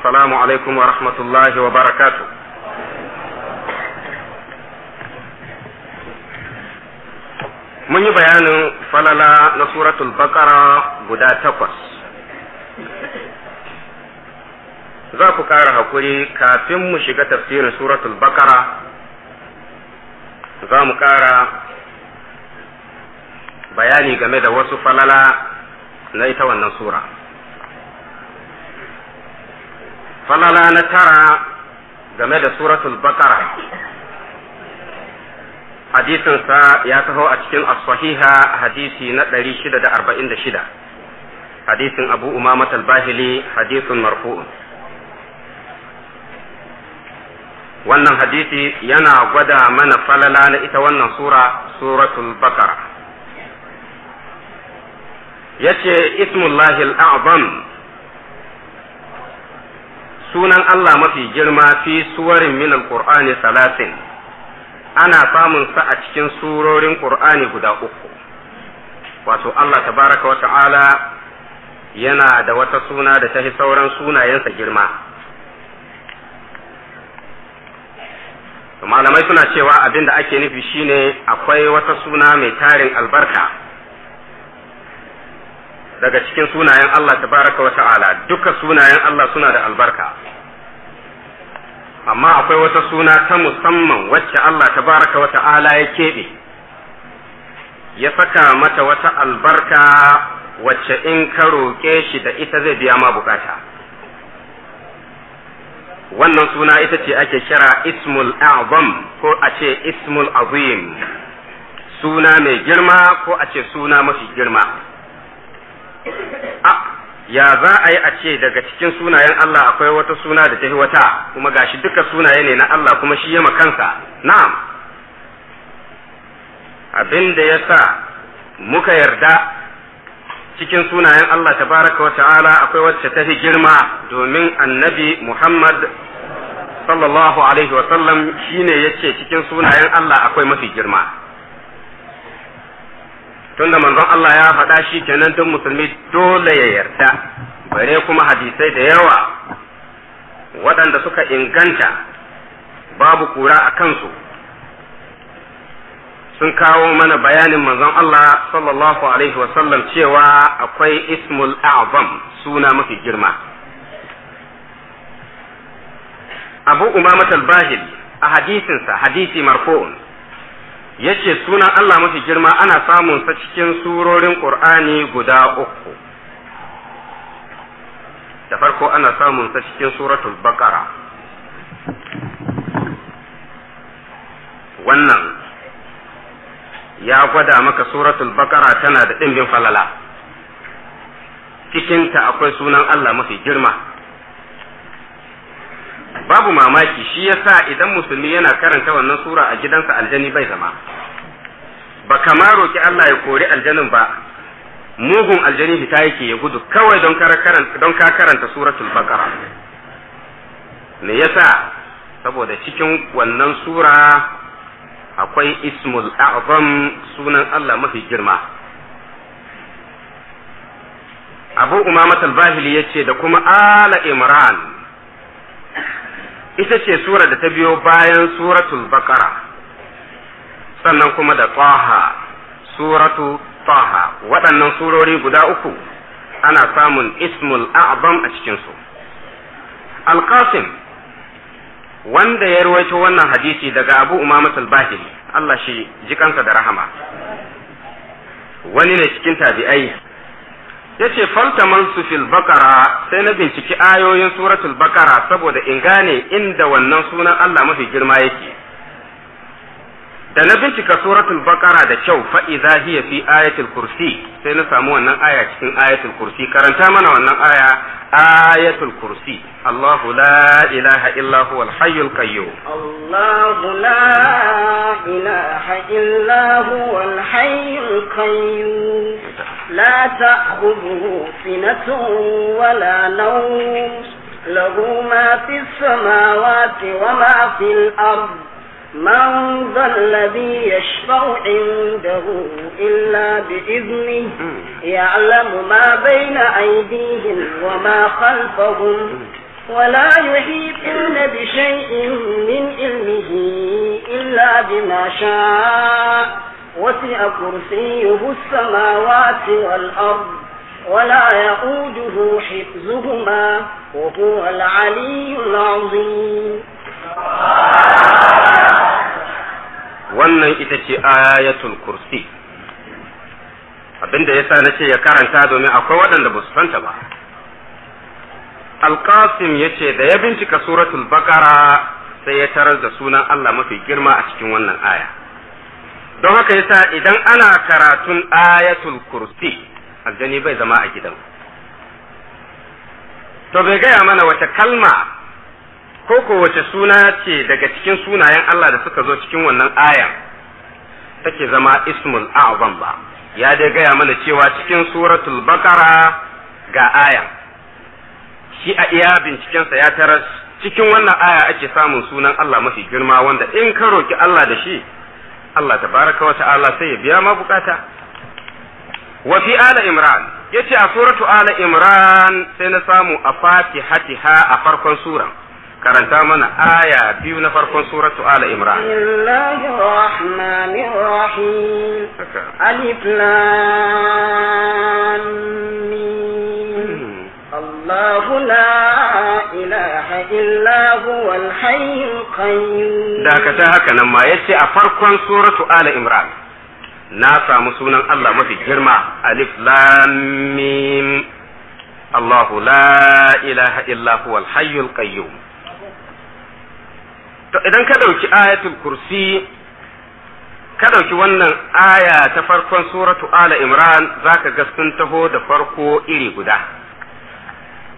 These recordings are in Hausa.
السلام عليكم ورحمة الله وبركاته mun yi bayanin falala na suratul bakara guda takwas za ku ƙara hakuri kafin mu shiga tafsirin suratul bakara za mu ƙara bayani game da wasu falala na ita wannan sura falala na tara game da suratul bakara hadisinsa ya taho a cikin as-sahiha hadisi na shida hadisin abu umama talbahili hadisin marfu'un wannan hadisi yana gwada mana falala na ita wannan sura suratul Ya ce ismullahi al-a'zam sunan Allah mafi girma fi suwarin min alqur'ani salasin ana samun sa a cikin surorin qur'ani guda uku wato Allah tabaraka wa ta'ala yana da wata suna da ta sauran sunayensa girma malamai suna cewa abin da ake nufi shine akwai wata suna mai tarin albarka daga cikin sunayen Allah tabaraka wa ta'ala duka sunayen Allah suna da albarka amma akwai wata suna ta musamman wacce Allah tabaraka wa ta'ala ya keɓe ya saka mata wata albarka wacce in ka roƙe shi da ita zai biya ma bukata wannan suna ita ce ake kira ismul azam ko a ce ismul azim suna mai girma ko a ce suna mafi girma ya za a yi a ce daga cikin sunayen Allah akwai wata suna da ta tafi wata kuma gashi duka sunaye ne na Allah kuma shi yama kansa na'am abin da ya sa muka yarda cikin sunayen Allah tabaraka wa ta'ala akwai wacce ta fi girma domin annabi Muhammad sallallahu alaihi wa sallam shine yace cikin sunayen Allah akwai mafi girma tunda manzon Allah ya faɗa shi kenan duk musulmi dole ya yarda bare kuma hadisai da yawa waɗanda suka inganta babu kura a kansu sun kawo mana bayanin manzon Allah sallallahu alaihi wasallam cewa akwai ismul a'zam suna mafi girma abu umamat al a hadisinsa hadisi marfu'un yace sunan Allah mafi girma ana samun sa cikin surorin Qur'ani guda uku da farko ana samun sa cikin suratul Baqara wannan ya gwada maka suratul Baqara tana da ɗimbin falala cikinta akwai sunan Allah mafi girma babu mamaki shi yasa idan musulmi yana karanta wannan sura a gidansa aljani bai zama ba kama roki Allah ya kori aljanin ba mugun aljani fita yake ya gudu kawai don ka karanta suratul baqara me yasa saboda cikin wannan sura akwai ismul a'zam sunan Allah mafi girma abu umama al-bahili yace da kuma ala imran ita ce sura da ta biyo bayan suratul bakara sannan kuma da taha suratu taha waɗannan surori guda uku ana samun ismul a'zam a cikinsu alqasim wanda ya rawaito wannan hadisi daga abu umamatul bahiri Allah shi jikansa da rahama wani ne cikin tabi'ai yace faltamansu fil bakara sai na binciki ayoyin suratul bakara saboda in gane inda wannan sunan Allah mafi girma yake da na bincika suratul baqara da kyau fa idza hiya fi ayatul kursi sai na samu wannan aya cikin ayatul kursi karanta mana wannan aya ayatul kursi Allahu la ilaha illa huwa al-hayyul qayyum Allahu la ilaha illa huwa al-hayyul qayyum la ta'khudhuhu sinatun wa la nawm lahu ma fis samawati wa ma fil ardh من ذا الذي يشفع عنده إلا بإذنه يعلم ما بين أيديهم وما خلفهم ولا يحيطون بشيء من علمه إلا بما شاء وسع كرسيه السماوات والأرض ولا يؤوده حفظهما وهو العلي العظيم wannan ita ce ayatul kursi abinda yasa na ce ya karanta domin akwai waɗanda ba su santa ba alkasim ya ce da ya bincika suratul bakara sai ya tarar da sunan allah mafi girma a cikin wannan aya don haka yasa idan ana karatun ayatul kursi aljani bai zama a gidan to bai gaya mana wata kalma ko ko wace suna ce daga cikin sunayen Allah da suka zo cikin wannan aya take zama ismul a'zam ba ya dai gaya mana cewa cikin suratul baqara ga aya shi a iya bincikensa ya taras cikin wannan aya ake samun sunan Allah mafi girma wanda in ka roki Allah da shi Allah tabaraka wa ta'ala sai ya biya ma bukata wa fi ala imran yace a suratu ala imran sai na samu a fatihatiha a farkon suran karanta mana aya biyu na farkon suratu ala imran bismillahir rahmanir rahim alif lam mim الله لا إله إلا هو الحي القيوم ذاك تهك لما يتي أفرقا سورة آل إمران ناسا مسونا الله ما في جرمة ألف لام ميم الله لا إله إلا هو الحي القيوم to idan ka dauki ayatul kursi ka dauki wannan aya ta farkon suratu ala imran zaka ga sun taho da farko iri guda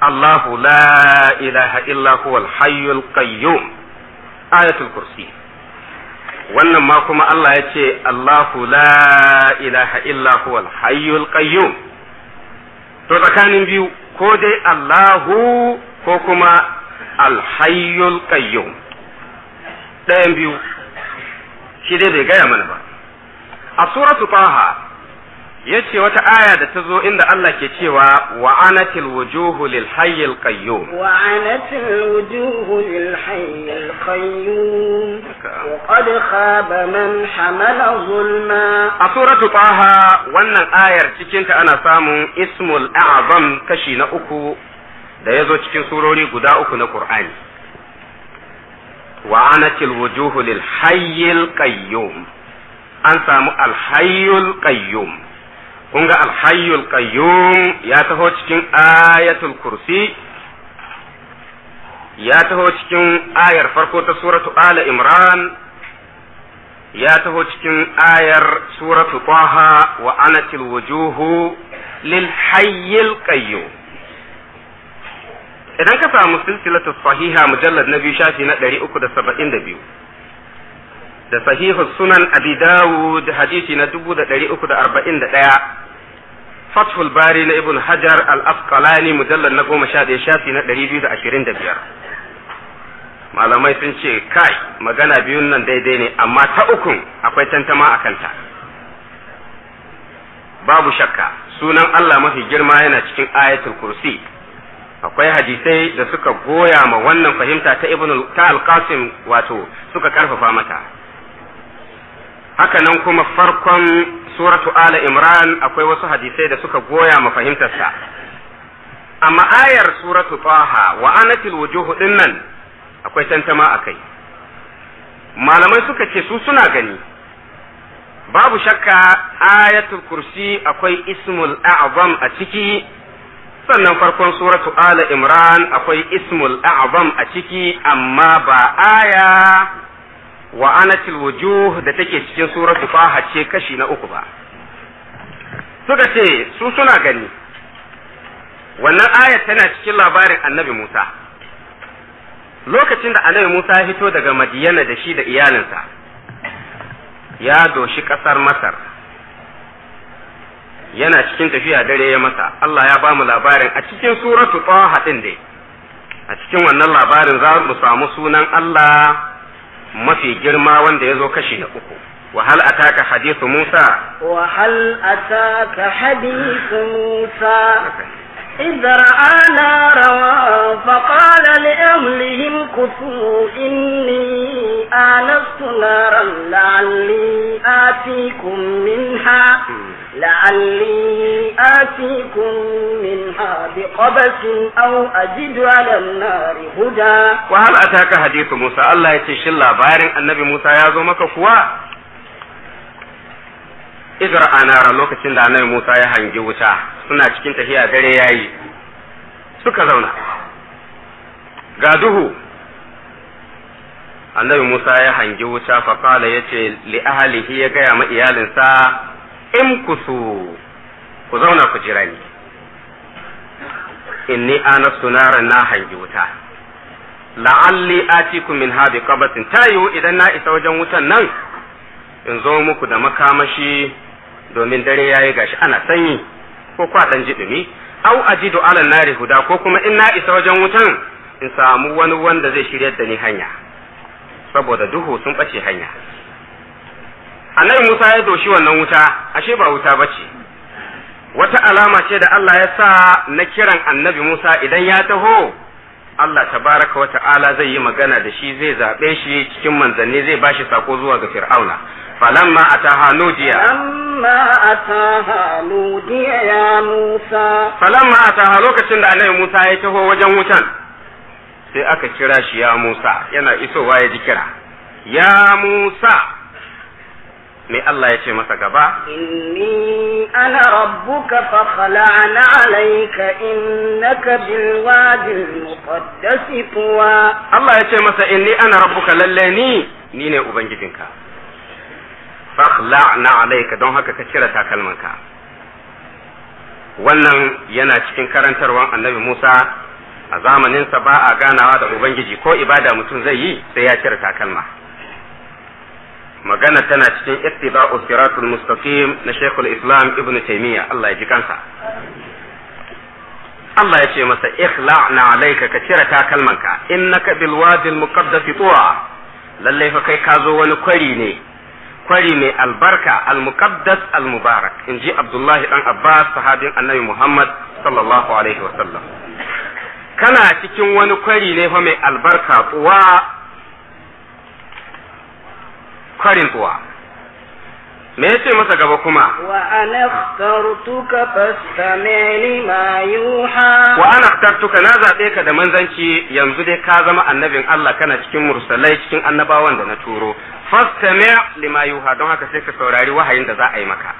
Allahu la ilaha illa huwal hayyul qayyum ayatul kursi wannan ma kuma Allah ya ce Allahu la ilaha illa huwal hayyul qayyum to tsakanin biyu ko dai Allahu ko kuma alhayyul qayyum ɗayan biyu shi dai bai gaya mana ba a suratu taha ce wata aya da ta zo inda Allah ke cewa wa anatil wujuhu lil hayyil qayyum wa anatil wujuhu lil hayyil qayyum wa qad khaba man hamala zulma a suratu taha wannan ayar cikin ta ana samun ismul a'zam kashi na uku da yazo cikin surori guda uku na qur'ani wa anatil wujuhu lil hayyil an samu alhayyul hayyul qayyum kun ga alhayyul qayyum ya taho cikin ayatul kursi ya taho cikin ayar farko ta suratu ala imran ya taho cikin ayar suratu taha wa anatil wujuhu lil hayyil qayyum idan ka samu silsilatu sahiha mujallad na biyu shafi na ɗari uku da saba'in da biyu da sahihu sunan abi dawud hadisi na dubu da ɗari uku da arba'in da ɗaya fathul bari na ibn hajar al-asqalani mujallad na goma sha ɗaya shafi na ɗari biyu da ashirin da biyar malamai sun ce kai magana biyun nan daidai ne amma ta ukun akwai tantama a kanta babu shakka sunan Allah mafi girma yana cikin ayatul kursi akwai hadisai da suka goya ma wannan fahimta ta ibn ta al-qasim wato suka karfafa mata hakanan kuma farkon suratu ala imran akwai wasu hadisai da suka goya ma fahimtarsa amma ayar suratu taha wa anatil wujuhu dinnan akwai tantama akai malamai suka ce su suna gani babu shakka ayatul kursi akwai ismul a'zam a ciki sannan farkon suratu ala imran akwai ismul a'zam a ciki amma ba aya wa anatil wujuh da take cikin suratu faha ce kashi na uku ba suka ce su suna gani wannan aya tana cikin labarin annabi musa lokacin da annabi musa ya fito daga madiyana da shi da iyalinsa ya doshi ƙasar masar yana cikin tafiya dare ya masa Allah ya bamu labarin a cikin suratu taha din dai a cikin wannan labarin za mu samu sunan Allah mafi girma wanda ya zo kashi na uku وهل أتاك حديث موسى وهل أتاك حديث موسى إذ رأى نارا فقال لأهلهم كثوا إني آنست نارا لعلي آتيكم منها لعلي آتيكم منها بقبس أو أجد على النار هدى وهل أتاك حديث موسى الله يتشل بارن النبي موسى يازومك كوا Izra a nara lokacin da annabi Musa ya hangi wuta suna cikin tafiya dare yayi suka zauna ga annabi Musa ya hangi wuta fa kala yace li ahlihi ya gaya ma iyalinsa in ku zauna ku jira ni ni ana sunara na hangi wuta la'alli atiku min habi qabatin yiwu idan na isa wajen wutan nan in zo muku da makamashi domin dare yayi gashi ana sanyi ko kwa dan ji dumi au ajidu ala nari huda ko kuma in na isa wajen wutan in samu wani wanda zai shiryar da ni hanya saboda duhu sun ɓace hanya annabi Musa ya doshi wannan wuta ashe ba wuta ba ce. wata alama ce da Allah ya sa na kiran annabi Musa idan ya taho Allah tabaraka wa ta'ala zai yi magana da shi zai zaɓe shi cikin manzanni zai ba shi sako zuwa ga Fir'auna فلما أتاها نودي فلما أتاها نودي يا موسى فلما أتاها da دا musa موسى يتهو wajen wutan sai aka kira shi ya Musa yana isowa ya ji kira ya Musa me Allah ya ce masa gaba inni ana rabbuka fa khala'na alayka innaka bil wadi muqaddas tuwa Allah ya ce masa inni ana rabbuka lalle ni ni ne ubangijinka fa khala'na alayka don haka ka cire takalmanka wannan yana cikin karantarwan annabi Musa a zamaninsa ba a ganawa da ubangiji ko ibada mutum zai yi sai ya cire takalma magana tana cikin ittiba'u siratul mustaqim na shaykhul Islam ibnu taymiya Allah ya ji kansa Allah ya ce masa ikhla'na alayka ka cire kalmanka innaka bil wadi al muqaddas tuwa lalle fa kai ka zo wani kwari ne kwari mai albarka al muqaddas al mubarak inji Abdullahi dan Abbas sahabin Annabi Muhammad sallallahu alaihi sallam kana cikin wani kwari ne fa mai albarka tuwa kwarin kuwa me ya ce masa gaba kuma wa ana ikhtartuka na zaɓe ka da manzanci yanzu dai ka zama annabin Allah kana cikin mursalai cikin annabawan da na turo fasta lima yuha don haka sai ka saurari wahayin da za a yi maka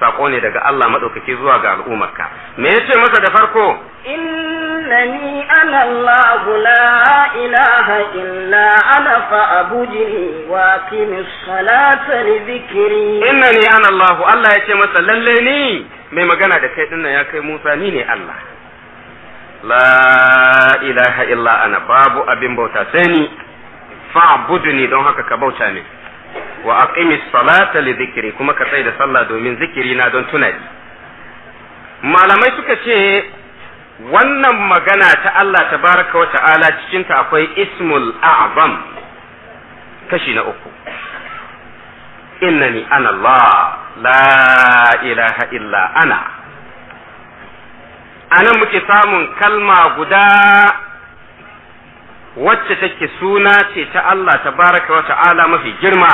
sako ne daga Allah madaukake zuwa ga al'ummarka me yace masa da farko innani ana Allah la ilaha illa ana fa'budni wa aqimis salata li dhikri innani ana Allah Allah ce masa lalle ni mai magana da kai dinnan ya kai Musa ni ne Allah la ilaha illa ana babu abin bauta sai ni fa'budni don haka ka bauta ne wa aqimi salata li dhikri kuma ka tsaya da sallah domin zikiri na don tunani malamai suka ce wannan magana ta Allah tabaraka wa ta'ala cikin ta akwai ismul a'zam kashi na uku innani ana Allah la ilaha illa ana anan muke samun kalma guda wacce take suna ce ta Allah tabaraka wa ta'ala mafi girma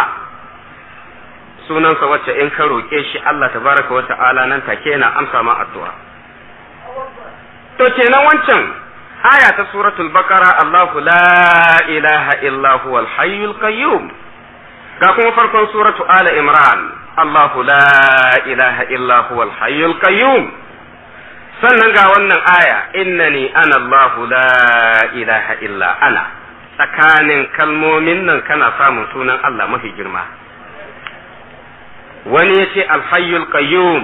sunansa wacce in ka roƙe shi Allah tabaraka wa ta'ala nan take yana amsa ma addu'a to kenan wancan aya ta suratul baqara Allahu la ilaha illa huwal hayyul qayyum ga kuma farkon suratu ala imran Allahu la ilaha illa huwal hayyul qayyum sannan ga wannan aya innani ana Allahu la ilaha illa ana tsakanin kalmomin nan kana samun sunan Allah mafi girma wani ya ce alhayyul qayyum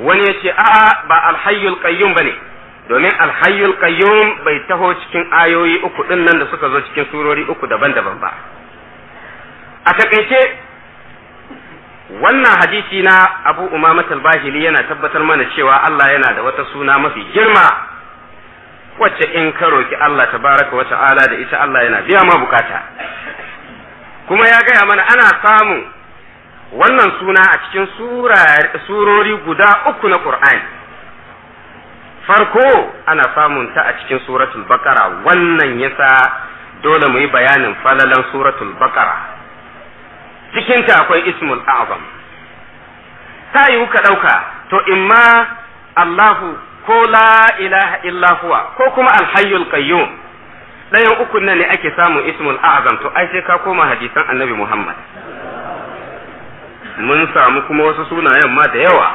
wani ya ce a'a ba alhayyul qayyum ne domin alhayyul qayyum bai taho cikin ayoyi uku din nan da suka zo cikin surori uku daban-daban ba a takaice wannan hadisi na abu umamat al yana tabbatar mana cewa Allah yana da wata suna mafi girma wacce in ka roki Allah tabaraka wa ta'ala da ita Allah yana biya ma bukata kuma ya gaya mana ana samun wannan suna a cikin surori guda uku na Ƙur'ani. farko ana samun ta a cikin suratul baqara wannan yasa dole mu yi bayanin falalan suratul baqara cikinta akwai ismul azam ta yiwu ka ɗauka to imma Allahu ko la ilaha illa ko kuma alhayyul qayyum ɗayan uku nan ne ake samun ismul azam to ai sai ka koma hadisan annabi Muhammad mun samu kuma wasu sunayen ma da yawa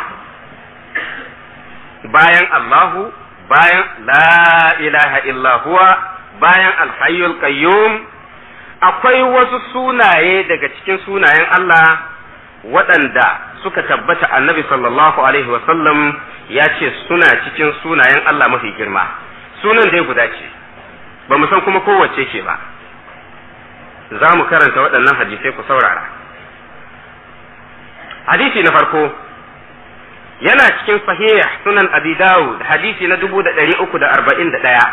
bayan Allahu bayan la ilaha illa bayan alhayyul qayyum akwai wasu sunaye daga cikin sunayen Allah waɗanda suka tabbata annabi sallallahu alaihi wasallam ya ce suna cikin sunayen Allah mafi girma sunan dai guda ce ba mu san kuma kowace ce ba za mu karanta waɗannan hadisai ku saurara hadisi na farko yana cikin sahiya sunan abi hadisi na dubu da ɗari uku da arba'in da ɗaya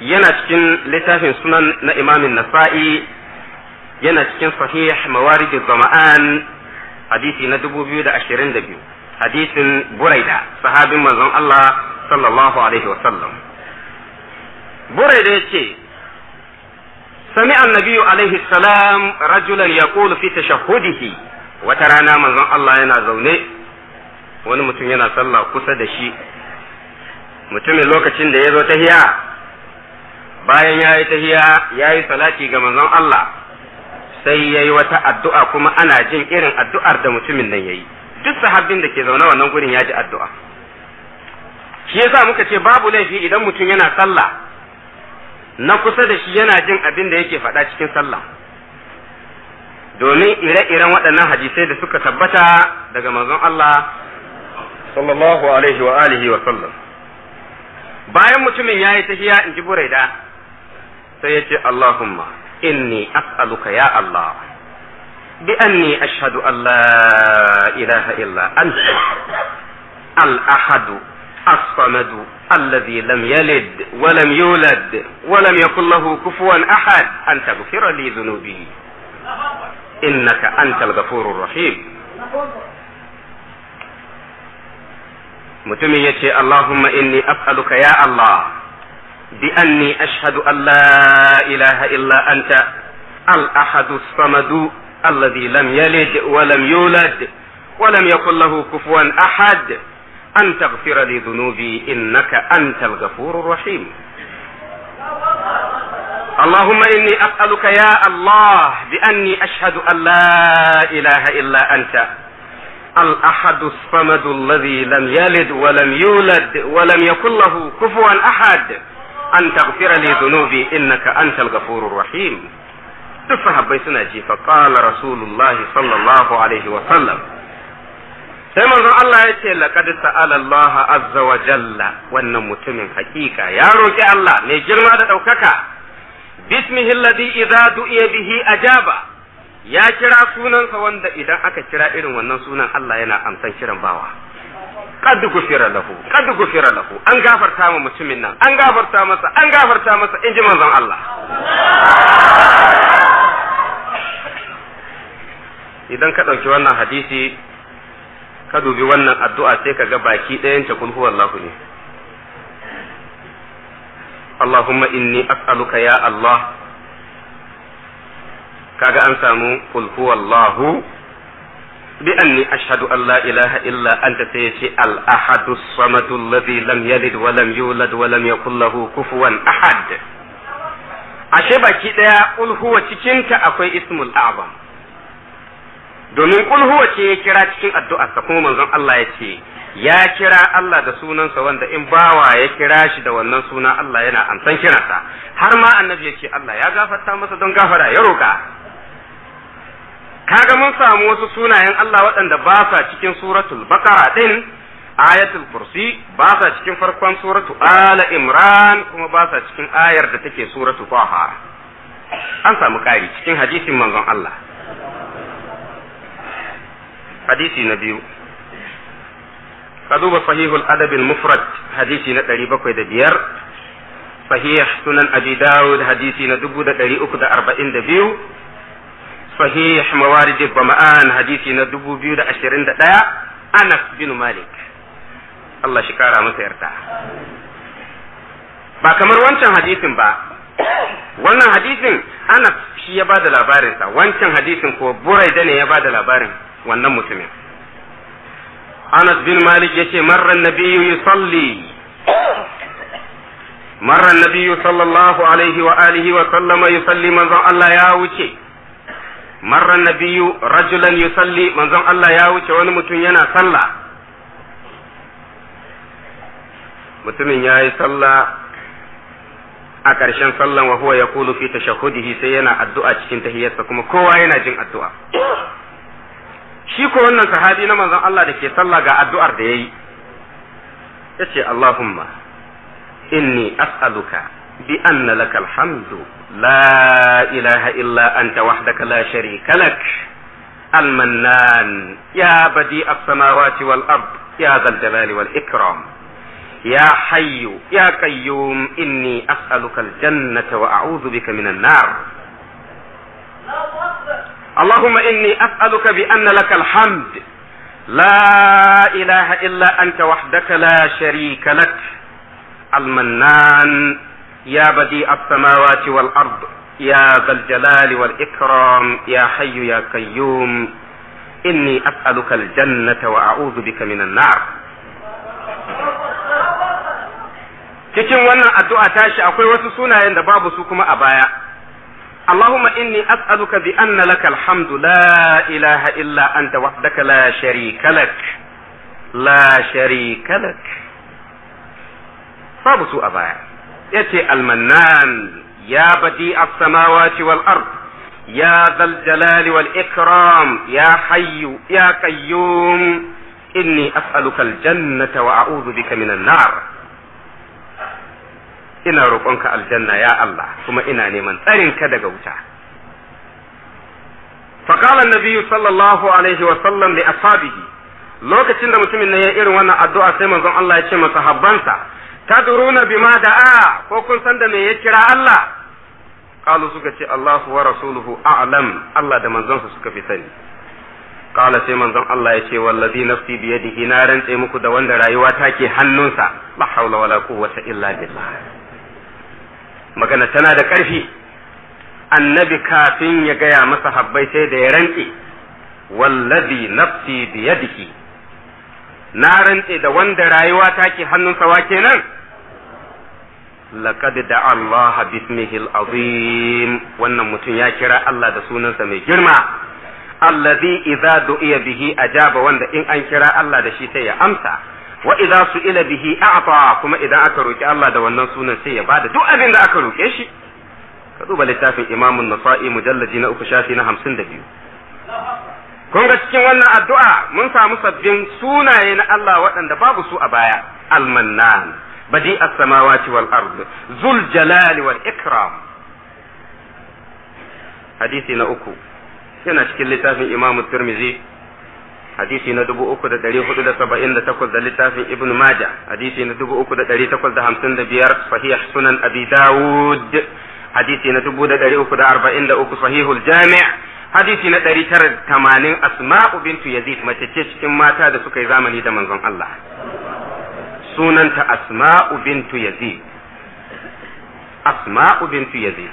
yana cikin littafin sunan na imamin nasa'i yana cikin sahih mawarij zama'an hadisi na dubu biyu da da ashirin biyu hadisin buraida sahabin manzon Allah sallallahu alaihi wa sallam buraida ce sami annabi alaihi salam rajulan kulu fi tashahhudihi wata rana manzon Allah yana zaune wani mutum yana sallah kusa da shi mutumin lokacin da ya zo ta hiya bayan ya yi tahiya ya yi salati ga manzon Allah sai ya yi wata addu'a kuma ana jin irin addu'ar da mutumin nan ya yi duk sahabbin da ke zaune wannan gurin ya ji addu'a shi yasa muka ce babu laifi idan mutum yana sallah na kusa da shi yana jin abin da yake faɗa cikin sallah domin ire-iren waɗannan hadisai da suka tabbata daga manzon Allah sallallahu alaihi wa alihi wa sallam bayan mutumin ya yi tahiya in ji buraida sai ya ce Allahumma inni as'aluka ya Allah bi anni ashhadu an la ilaha illa anta al ahad as samad alladhi lam yalid wa lam yulad wa lam yakul lahu kufuwan ahad ان تغفر li dhunubi innaka انت الغفور الرحيم mutumin ya ce Allahumma inni as'aluka ya Allah بأني أشهد أن لا إله إلا أنت الأحد الصمد الذي لم يلد ولم يولد ولم يكن له كفوا أحد أن تغفر لي ذنوبي إنك أنت الغفور الرحيم اللهم إني أسألك يا الله بأني أشهد أن لا إله إلا أنت الأحد الصمد الذي لم يلد ولم يولد ولم يكن له كفوا أحد an zunubi li dhunubi innaka antal ghafurur rahim duk sahabbai suna ji fa qala rasulullah sallallahu alaihi wa sallam sai manzon Allah ya ce laqad sa'ala Allah azza wa jalla wannan mutumin hakika ya roki Allah mai girma da daukaka bismihi alladhi idza du'iya bihi ajaba ya kira sunansa wanda idan aka kira irin wannan sunan Allah yana amsan kiran bawa qad gufira lahu qad gufira lahu an gafarta ma mutumin nan an gafarta masa an gafarta masa in ji manzon Allah idan ka ɗauki wannan hadisi ka dubi wannan addu'a sai ka ga baki ɗayan ta kulhu wallahu ne Allahumma inni as'aluka ya Allah kaga an samu kulhu wallahu. bi anni ashhadu an la ilaha illa anta sai yace al ahadu samadu alladhi lam yalid wa lam yulad wa lam yakul lahu kufuwan ahad ashe baki daya qul huwa cikin akwai ismul a'zam domin qul huwa ce ya kira cikin addu'arsa kuma manzon Allah ya ce ya kira Allah da sunansa wanda in bawa ya kira shi da wannan suna Allah yana amsan kiransa har ma annabi ya ce Allah ya gafarta masa don gafara ya roka kaga mun samu wasu sunayen Allah waɗanda ba sa cikin suratul bakara din ayatul kursi ba sa cikin farkon suratu ala imran kuma ba sa cikin ayar da take suratu taha an samu ƙari cikin hadisin manzon Allah hadisi na biyu ka duba sahihul adabin mufrad hadisi na ɗari bakwai da biyar sahih sunan abi dawud hadisi na dubu da ɗari uku da arba'in da biyu sahih mawarij bama'an hadisi na 2021 Anas bin Malik Allah shi kara masa yarda ba kamar wancan hadisin ba wannan hadisin Anas shi ya bada labarinsa wancan hadisin ko da ne ya bada labarin wannan mutumin Anas bin Malik yace marran nabiyyu yusalli marran nabiyyu sallallahu alaihi wa alihi wa sallama yusalli manzon Allah ya wuce marra nabiyyu rajulan yusalli manzon Allah ya wuce wani mutum yana sallah mutumin ya yi sallah a ƙarshen sallan wa huwa yaqulu fi tashahudihi sai yana addu'a cikin tahiyarsa, kuma kowa yana jin addu'a shi ko wannan sahabi na manzon Allah da ke sallah ga addu'ar da ya yayi yace Allahumma inni as'aluka بأن لك الحمد لا إله إلا أنت وحدك لا شريك لك المنان يا بديع السماوات والأرض يا ذا الجلال والإكرام يا حي يا قيوم إني أسألك الجنة وأعوذ بك من النار اللهم إني أسألك بأن لك الحمد لا إله إلا أنت وحدك لا شريك لك المنان يا بديع السماوات والأرض يا ذا الجلال والإكرام يا حي يا قيوم إني أسألك الجنة وأعوذ بك من النار cikin wannan addu'a tashi akwai wasu sunayen da babu su kuma a baya Allahumma inni as'aluka bi anna laka alhamdu la ilaha illa anta wahdaka la sharika lak la sharika lak babu su a baya yace almannan ya badi as-samawati wal ard ya zal jalali wal ikram ya hayyu ya qayyum inni as'aluka al-jannata wa a'udhu bika minan nar ina roƙonka aljanna ya Allah kuma ina neman tsarin ka daga wuta فقال النبي صلى الله عليه وسلم لأصحابه lokacin da mutumin nan ya irin wannan addu'a sai manzon Allah ya ce masa habbansa tadruna bima da'a ko kun san da me ya kira Allah qalu suka ce Allahu wa rasuluhu a'lam Allah da manzonsa suka fi sani qala sai manzon Allah ya ce wallazi nafsi bi yadihi na rantse muku da wanda rayuwa take hannunsa la haula wala quwwata illa billah magana tana da ƙarfi annabi kafin ya gaya masa habbai sai da ya rantse wallazi nafsi bi yadihi na rantse da wanda rayuwa take hannunsa wa kenan laqad da Allah bismihi al-azim wannan mutum ya kira Allah da sunansa mai girma allazi idza du'iya bihi ajaba wanda in an kira Allah da shi sai ya amsa wa idza su'ila bihi a'ta kuma idan aka roki Allah da wannan sunan sai ya bada duk abin da aka roke shi ka duba littafin Imam nasai mujallaji na uku shafi na da kun ga cikin wannan addu'a mun samu sabbin sunaye na Allah waɗanda babu su a baya al badi as-samawati wal ard zul jalal wal ikram hadisi na uku yana cikin littafin imam tirmizi hadisi na dubu uku da dari hudu da saba'in da takwas da littafin ibn maja hadisi na dubu uku da dari takwas da hamsin da biyar sahih sunan abi dawud hadisi na dubu da dari uku da arba'in da uku sahihul jami' hadisi na dari tara da tamanin asma'u bintu yazid mace ce cikin mata da suka yi zamani da manzon Allah sunanta asma'u bintu yazid asma'u bintu yazid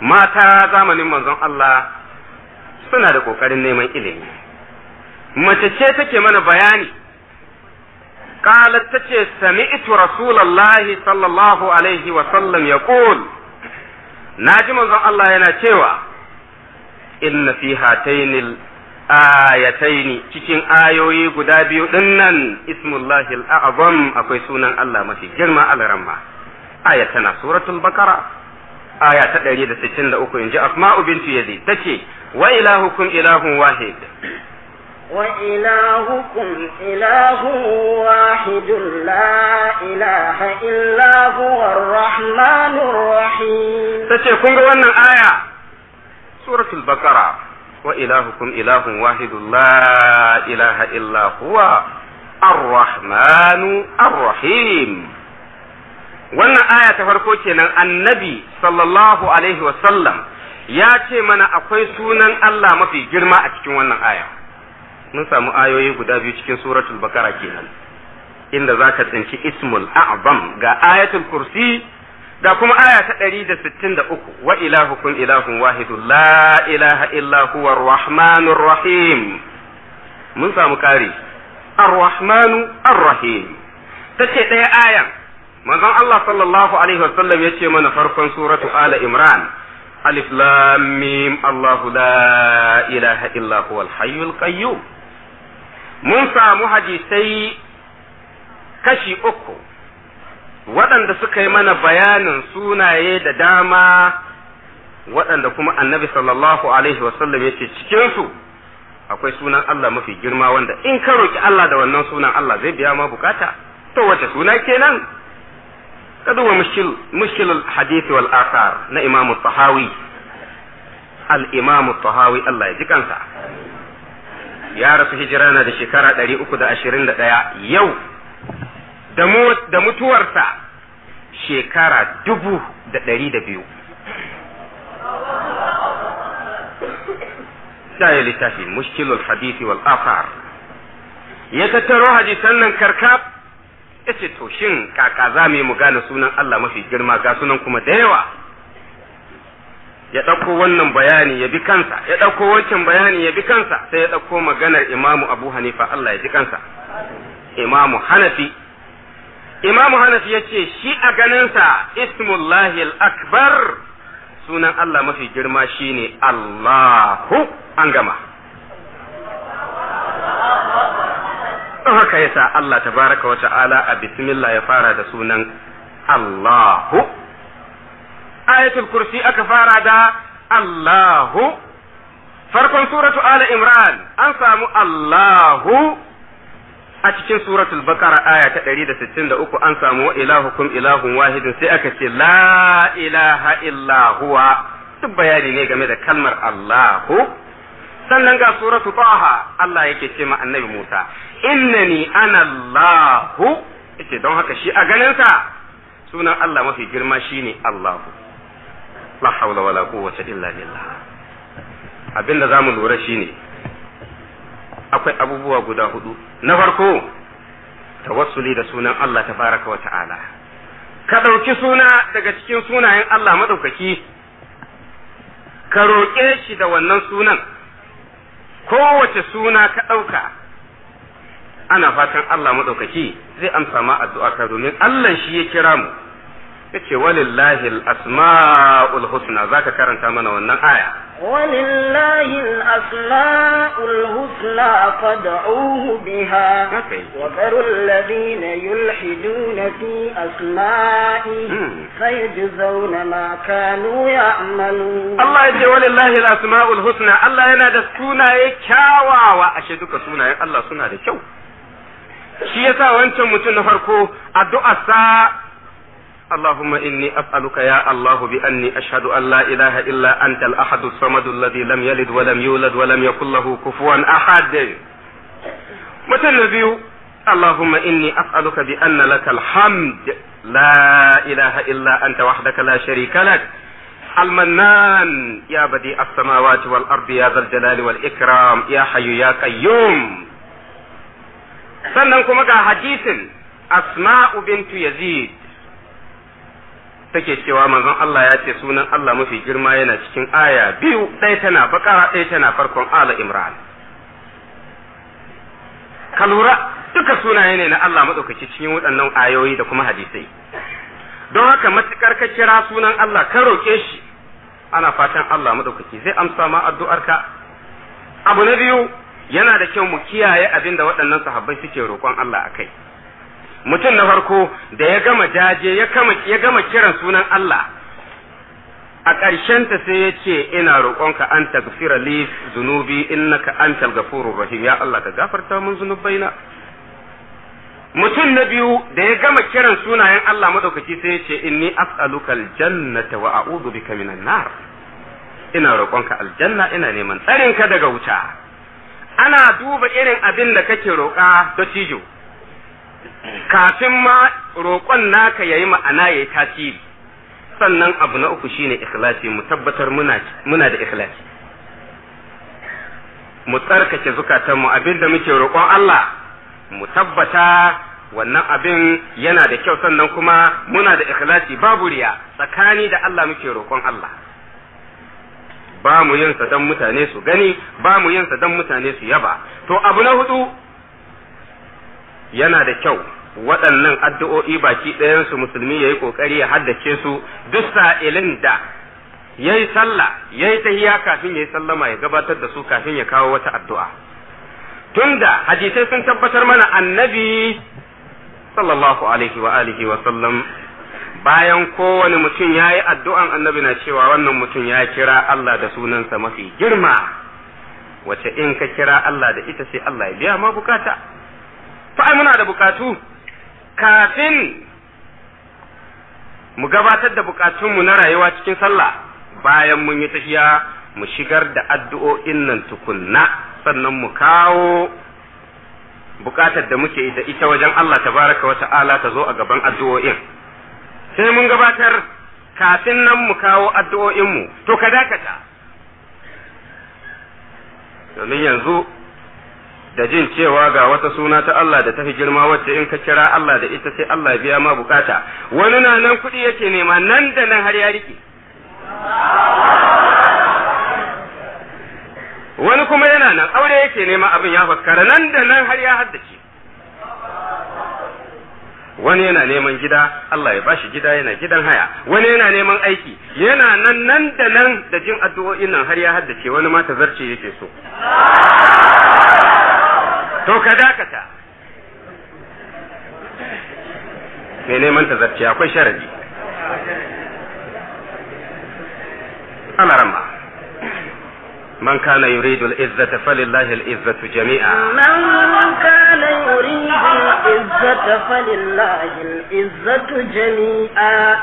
mata zamanin manzon Allah suna da kokarin neman ilimi mace ce take mana bayani qalat tace sami'tu rasulullahi sallallahu alaihi wa sallam yaqul naji manzon Allah yana cewa inna fi hataynil ayataini cikin ayoyi guda biyu dinnan ismullahi al'azam akwai sunan Allah mafi girma al'ramma. aya tana suratul bakara aya ta 163 inji asma'u bintu yazi tace wa ilahukum ilahun wahid وإلهكم la ilaha illa huwa ar-rahmanur rahim الرحيم "Kun ga wannan aya suratul bakara wa ilahukum ilahun wahidun la ilaha illa huwa ar wannan aya ta farko kenan annabi sallallahu alaihi wa sallam ya ce mana akwai sunan Allah mafi girma a cikin wannan aya mun samu ayoyi guda biyu cikin suratul bakara kenan inda zaka tsinci ismul a'zam ga ayatul kursi da kuma aya ta ɗari da sittin da uku wa ilahukum ilahun wahidu la ilaha illa huwa rahmanur rahim mun samu kari ar-rahmanu ar-rahim tace ɗaya ayan manzon Allah sallallahu alaihi wasallam yace mana farkon suratu ala imran alif lam mim Allahu la ilaha illa huwa al-hayyul qayyum mun samu hadisai kashi uku waɗanda suka yi mana bayanin sunaye da dama waɗanda kuma annabi sallallahu alaihi wasallam ya ce cikinsu akwai sunan Allah mafi girma wanda in ka roƙi Allah da wannan sunan Allah zai biya ma bukata to wace suna kenan ka duba mushkil al wal athar na Imam tahawi al-Imam tahawi Allah ya ji kansa ya rasu hijira na da shekara 321 yau da mutuwarsa shekara dubu da ɗari da biyu sai littafi mushkilul hadisi wal afar ya tattaro hadisan nan karka. ya ce to shin kaka za mu yi mu gane sunan Allah mafi girma ga sunan kuma da yawa ya ɗauko wannan bayani ya bi kansa ya ɗauko wancan bayani ya bi kansa sai ya ɗauko maganar imamu abu hanifa Allah ya ji kansa imamu hanafi imamu Hanafi ya ce shi a ganinsa ismullahi akbar sunan Allah mafi girma shine Allahu an gama haka yasa Allah baraka wa ta'ala a bismillah ya fara da sunan Allahu ayatul kursi aka fara da Allahu farkon suratu ala imran an samu Allahu a cikin suratul baqara aya ta 163 an samu wa ilahukum ilahun wahidin sai aka ce la ilaha illa huwa duk bayani ne game da kalmar Allahu sannan ga suratu taha Allah yake ce ma annabi Musa innani ana Allahu yake don haka shi a ganin sunan Allah mafi girma shine Allahu la hawla wala quwwata illa billah abinda zamu lura shine akwai abubuwa guda hudu na farko tawassuli da sunan Allah tabaraka wa ta'ala ka ɗauki suna daga cikin sunayen Allah maɗaukaki ka roƙe shi da wannan sunan kowace suna ka ɗauka ana fatan Allah maɗaukaki zai amsa ma addu'a ka domin Allah shi ya kira mu yace walillahi al-asma'ul husna zaka karanta mana wannan aya walillahi al-asma'ul husna fad'uhu biha wa qarul ladina yulhiduna fi asma'i sayajzawna ma kanu ya'malu Allah yace walillahi al-asma'ul husna Allah yana da sunaye kyawawa ashe duka sunayen Allah suna da kyau shi yasa wancan mutum na farko addu'arsa اللهم إني أسألك يا الله بأني أشهد أن لا إله إلا أنت الأحد الصمد الذي لم يلد ولم يولد ولم يكن له كفوا أحد متى النبي اللهم إني أسألك بأن لك الحمد لا إله إلا أنت وحدك لا شريك لك المنان يا بديع السماوات والأرض يا ذا الجلال والإكرام يا حي يا قيوم سننكم مع حديث أسماء بنت يزيد take cewa manzon Allah ya ce sunan Allah mafi girma yana cikin aya biyu ɗaya tana bakara ɗaya tana farkon ala imran ka lura duka sunaye ne na Allah maɗaukaki cikin waɗannan ayoyi da kuma hadisai don haka matukar ka kira sunan Allah ka roƙe shi ana fatan Allah maɗaukaki zai amsa ma addu'arka abu na biyu yana da kyau mu kiyaye abin da waɗannan sahabbai suke roƙon Allah a kai mutum na farko da ya gama jaje ya gama kiran sunan Allah a ta sai ya ce ina roƙonka an tagfira li zunubi innaka antal gafurur rahim ya Allah ka gafarta mun zunubaina mutum na biyu da ya gama kiran sunayen Allah madaukaki sai ya ce inni as'aluka aljannata wa a'udhu bika minan nar ina roƙonka aljanna ina neman tsarinka daga wuta ana duba irin abin da kake roƙa da cijo kafin ma roƙon naka yayi ma'ana yayi tasiri sannan abu na uku shine ikhlasi mu tabbatar muna muna da ikhlasi mu tsarkake zukatanmu abinda muke roƙon Allah mu tabbata wannan abin yana da kyau sannan kuma muna da ikhlasi babu riya tsakani da Allah muke roƙon Allah ba mu yin sa dan mutane su gani ba mu yin sa dan mutane su yaba to abu na hudu yana da kyau waɗannan addu'o'i baki ɗayansu musulmi ya yi ƙoƙari ya haddace su duk sa'ilin da ya yi sallah ya yi tahiya kafin ya yi sallama ya gabatar da su kafin ya kawo wata addu'a tunda hadisai sun tabbatar mana annabi sallallahu alaihi wa alihi wa sallam bayan kowane mutum ya yi addu'an annabi na cewa wannan mutum ya kira Allah da sunansa mafi girma wace in ka kira Allah da ita sai Allah ya biya ma bukata Fa'a muna da bukatu kafin mu gabatar da bukatunmu na rayuwa cikin sallah bayan mun yi tahiya mu shigar da addu'o'in nan tukunna sannan mu kawo bukatar da muke da ita wajen Allah tabaraka wa ta'ala ta zo a gaban addu'o'in sai mun gabatar kafin nan mu kawo addu'o'inmu to ka dakata domin yanzu da jin cewa ga wata suna ta Allah da tafi girma wacce in ka kira Allah da ita sai Allah biya ma bukata wani na nan kuɗi yake nema nan da nan har ya rike wani kuma yana nan aure yake nema abin ya faskara nan da nan har ya haddace wani yana neman gida Allah ya bashi gida yana gidan haya wani yana neman aiki yana nan nan da nan da jin addu'o'in nan har ya haddace wani ma zarce yake so to ka dakata mai neman ta zarce akwai sharadi alaran ba من كان يريد العزة فلله العزة جميعا من كان يريد العزة فلله العزة جميعا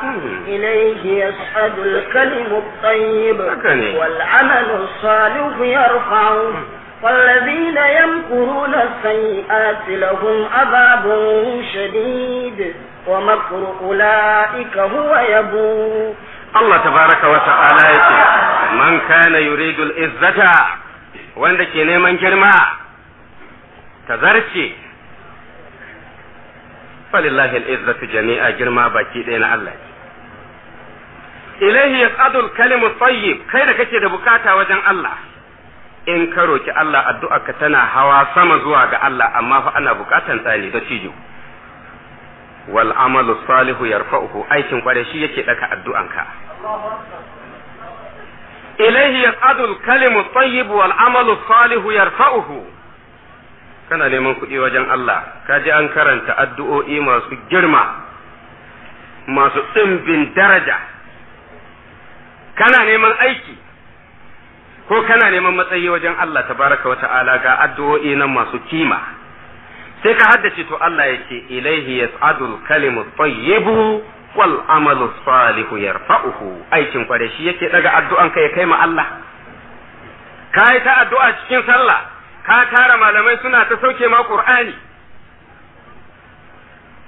إليه يصعد الكلم الطيب والعمل الصالح يرفعه والذين يمكرون السيئات لهم عذاب شديد ومكر أولئك هو يبور Allah tabaraka wa ta'ala ya ce, Man kana yuridul izzata wanda ke neman girma, ta zarce, falillahi izzatu jami'a girma baki ɗaya na Allah. Ilaihi ya tsadul kalimu tsayyib kai da kake da bukata wajen Allah. in ka roki Allah addu'a tana hawa sama zuwa ga Allah amma fa ana bukatan tsari da cijo wal amalu salihu yarfa'uhu aikin kware shi yake daka addu'anka ilaihi yas'adu al-kalimu tayyib wal amalu salihu yarfa'uhu kana neman kuɗi wajen Allah ka ji an karanta addu'o'i masu girma masu ɗimbin daraja kana neman aiki ko kana neman matsayi wajen Allah ta baraka wata ala ga addu'o'i nan masu kima sai ka haddace to Allah yake ilaihi yas'adul kalimu tayyibu wal amalu salihu yarfa'uhu aikin kware shi yake daga addu'an ka ya kai ma Allah ka yi ta addu'a cikin sallah ka tara malamai suna ta sauke ma Qur'ani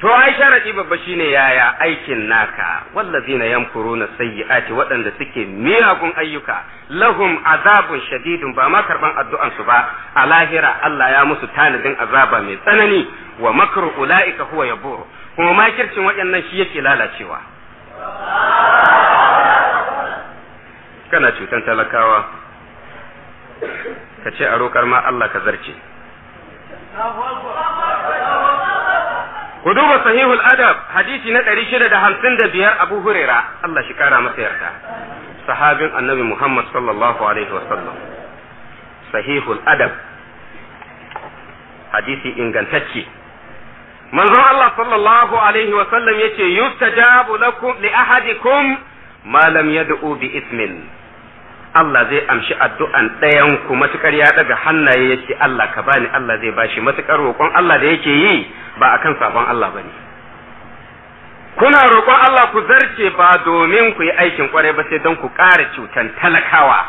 to ai sharadi babba shine yaya aikin naka wallazina yamkuruna sayyi'ati waɗanda suke miyagun ayyuka lahum azabun shadidun ba ma karban addu'an su ba a lahira Allah ya musu tanadin azaba mai tsanani wa makru ulaika huwa yabur kuma makircin waɗannan shi yake lalacewa kana cutan talakawa ka ce a roƙar ma Allah ka zarce ku duba sahihul adab hadisi na ɗari shida da hamsin da biyar abu hurera Allah shi kara masa yarda sahabin annabi Muhammad sallallahu alaihi wa sallam sahihul adab hadisi ingantacce manzon Allah sallallahu alaihi wa sallam yace yustajabu lakum li ahadikum ma lam yad'u bi ismin Allah zai amshi addu'an ɗayan ku matukar ya daga hannaye yake Allah ka bani Allah zai bashi matukar roƙon Allah da yake yi ba a kan sabon Allah bane kuna roƙon Allah ku zarce ba domin ku yi aikin kwarai ba sai don ku ƙara cutan talakawa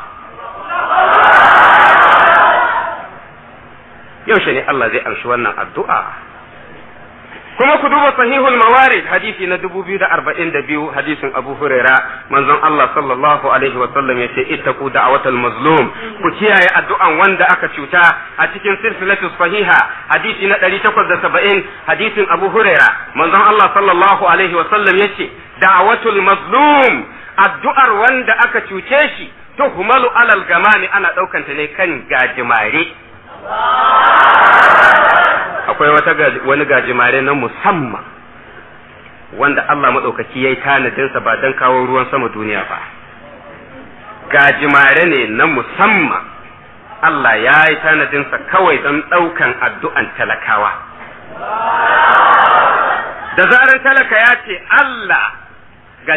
yaushe ne Allah zai amshi wannan addu'a kuma ku duba sahihul mawarid hadisi na biyu hadisin Abu hurera manzon Allah sallallahu alaihi wa sallam yace ittaqu da'watal mazlum ku kiyaye addu'an wanda aka cuta a cikin silsilatu sahiha hadisi na ɗari saba'in hadisin Abu hurera manzon Allah sallallahu alaihi wa sallam yace da'watul mazlum addu'ar wanda aka cuce shi tuhmalu alal gamami ana ɗaukanta ne kan gajimare akwai wata wani gajimare na musamman wanda Allah maɗaukaki ya yi tanadinsa ba don kawo ruwan sama duniya ba gajimare ne na musamman Allah ya yi tanadinsa kawai don ɗaukan addu'an talakawa da zarar talaka ya ce Allah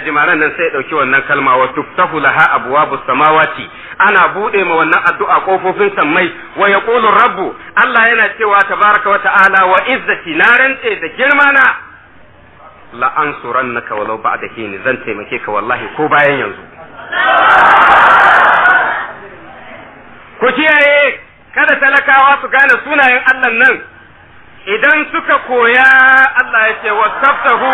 jimaran nan sai ya ɗauki wannan kalma wa tuftahu laha abwabu samawati ana bude ma wannan addu'a kofofin sammai wa yaqulu rabbu Allah yana cewa tabaraka wa ta'ala wa izzati na rantse da girma na la ansurannaka walau ba'da hini zan taimake ka wallahi ko bayan yanzu ku kiyaye kada talakawa su gane sunayen Allah nan idan suka koya Allah ya ce wa taftahu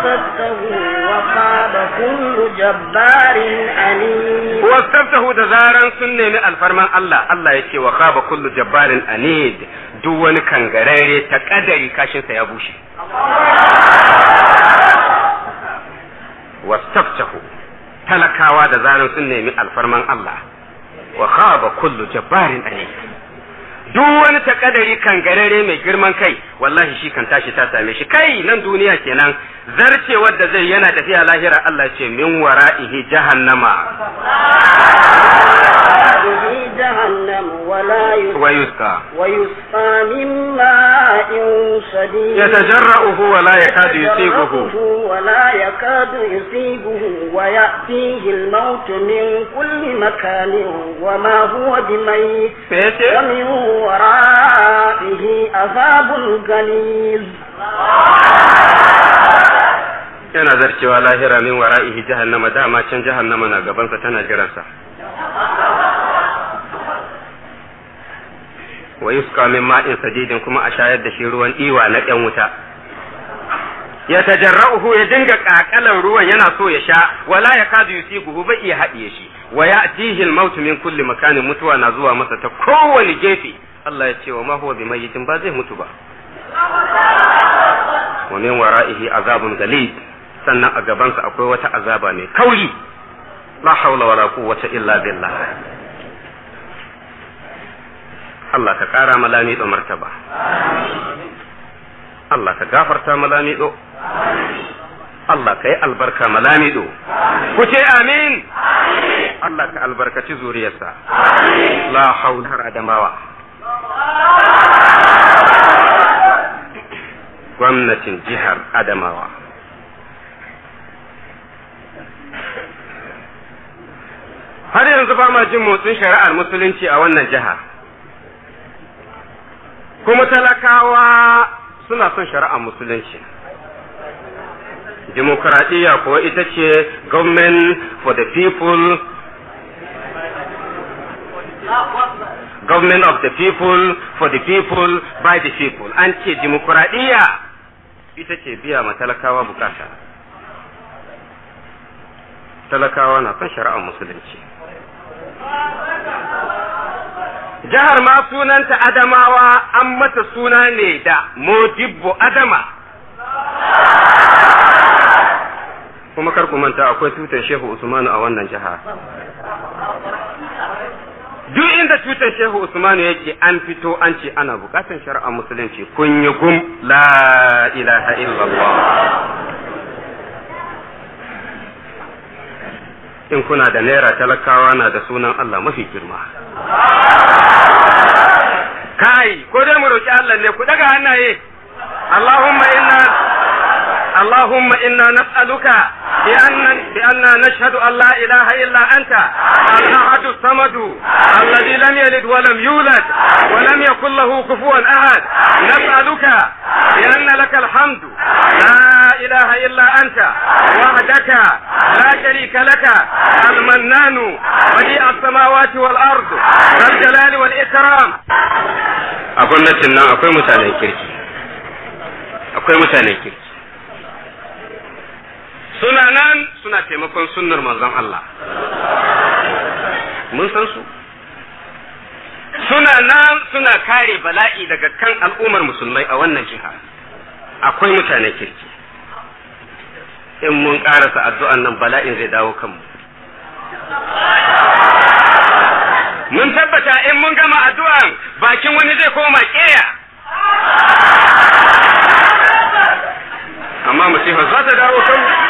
واستفتحوا وخاب كل جبار عنيد واستفتحوا دزارا سنة الفرمان الله الله يكي وخاب كل جبار عنيد duk wani kangarare ta kadari kashinsa ya bushe wastaftahu talakawa da zarar sun nemi alfarman Allah wa khaba duk wani takadari kan garare mai girman kai wallahi shi kan tashi ta same shi kai nan duniya kenan zarcewar da zai yana tafiya lahira Allah ce min wara'ihi jahannama به جهنم ولا ويسقى ويسقى من ماء صديد يتجرأه ولا يكاد يسيبه ولا يكاد ويأتيه الموت من كل مكان وما هو بميت ومن ورائه عذاب غليظ yana zarcewa lahira min wara'ihi jahannama dama can nama na gabansa tana jiransa wa yusqa min ma'in sadidin kuma a shayar da shi ruwan iwa na ɗan wuta ya tajarra'uhu ya dinga kakalan ruwan yana so ya sha wala ya kadu yusibuhu bai iya haɗiye shi wa ya'tihi al-maut min kulli makanin mutuwa na zuwa masa ta kowane gefe Allah ya ce wa ma huwa bimayyitin ba zai mutu ba wa min wara'ihi azabun galid sannan a gabansa akwai wata azaba mai kauri la hawla wala quwwata illa billah Allah ka ƙara malami da martaba Allah ka gafarta malami do Allah ka yi albarka malami do ku ce amin Allah ka albarkaci zuriyarsa la haula har adamawa gwamnatin jihar adamawa har yanzu ba ma jin motsin shari'ar musulunci a wannan jihar. kuma talakawa suna son shari'ar musulunci demokuraɗiyya kuwa ita ce government for the people government of the people for the people by the people an ce demokuraɗiyya ita ce biya ma talakawa bukata talakawa na son shari'ar musulunci jihar ma sunanta Adamawa an mata suna ne da Modibbo Adama. Kuma kar ku manta akwai tutar Shehu Usmanu a wannan jiha. Duk inda tutar Shehu Usmanu yake an fito an ce ana bukatan shari'a musulunci kun yi gum la ilaha illallah. in kuna da naira talakawa na da sunan Allah mafi girma. kai ko dai mu roki Allah ne ku daga hannaye Allahumma inna اللهم إنا نسألك بأن بأننا نشهد أن لا إله إلا أنت الأحد الصمد الذي لم يلد ولم يولد ولم يكن له كفوا أحد نسألك بأن لك الحمد لا إله إلا أنت وحدك لا شريك لك المنان بديع السماوات والأرض ذا الجلال والإكرام أقول لك أقول متى أقول متى suna nan suna taimakon sunnar manzon Allah mun san su suna nan suna kare bala'i daga kan al'ummar musulmai a wannan jiha akwai mutanen kirki in mun karasa addu'an nan bala'in zai dawo kanmu mun tabbata in mun gama addu'an bakin wani zai koma keya amma musifa za ta dawo kanmu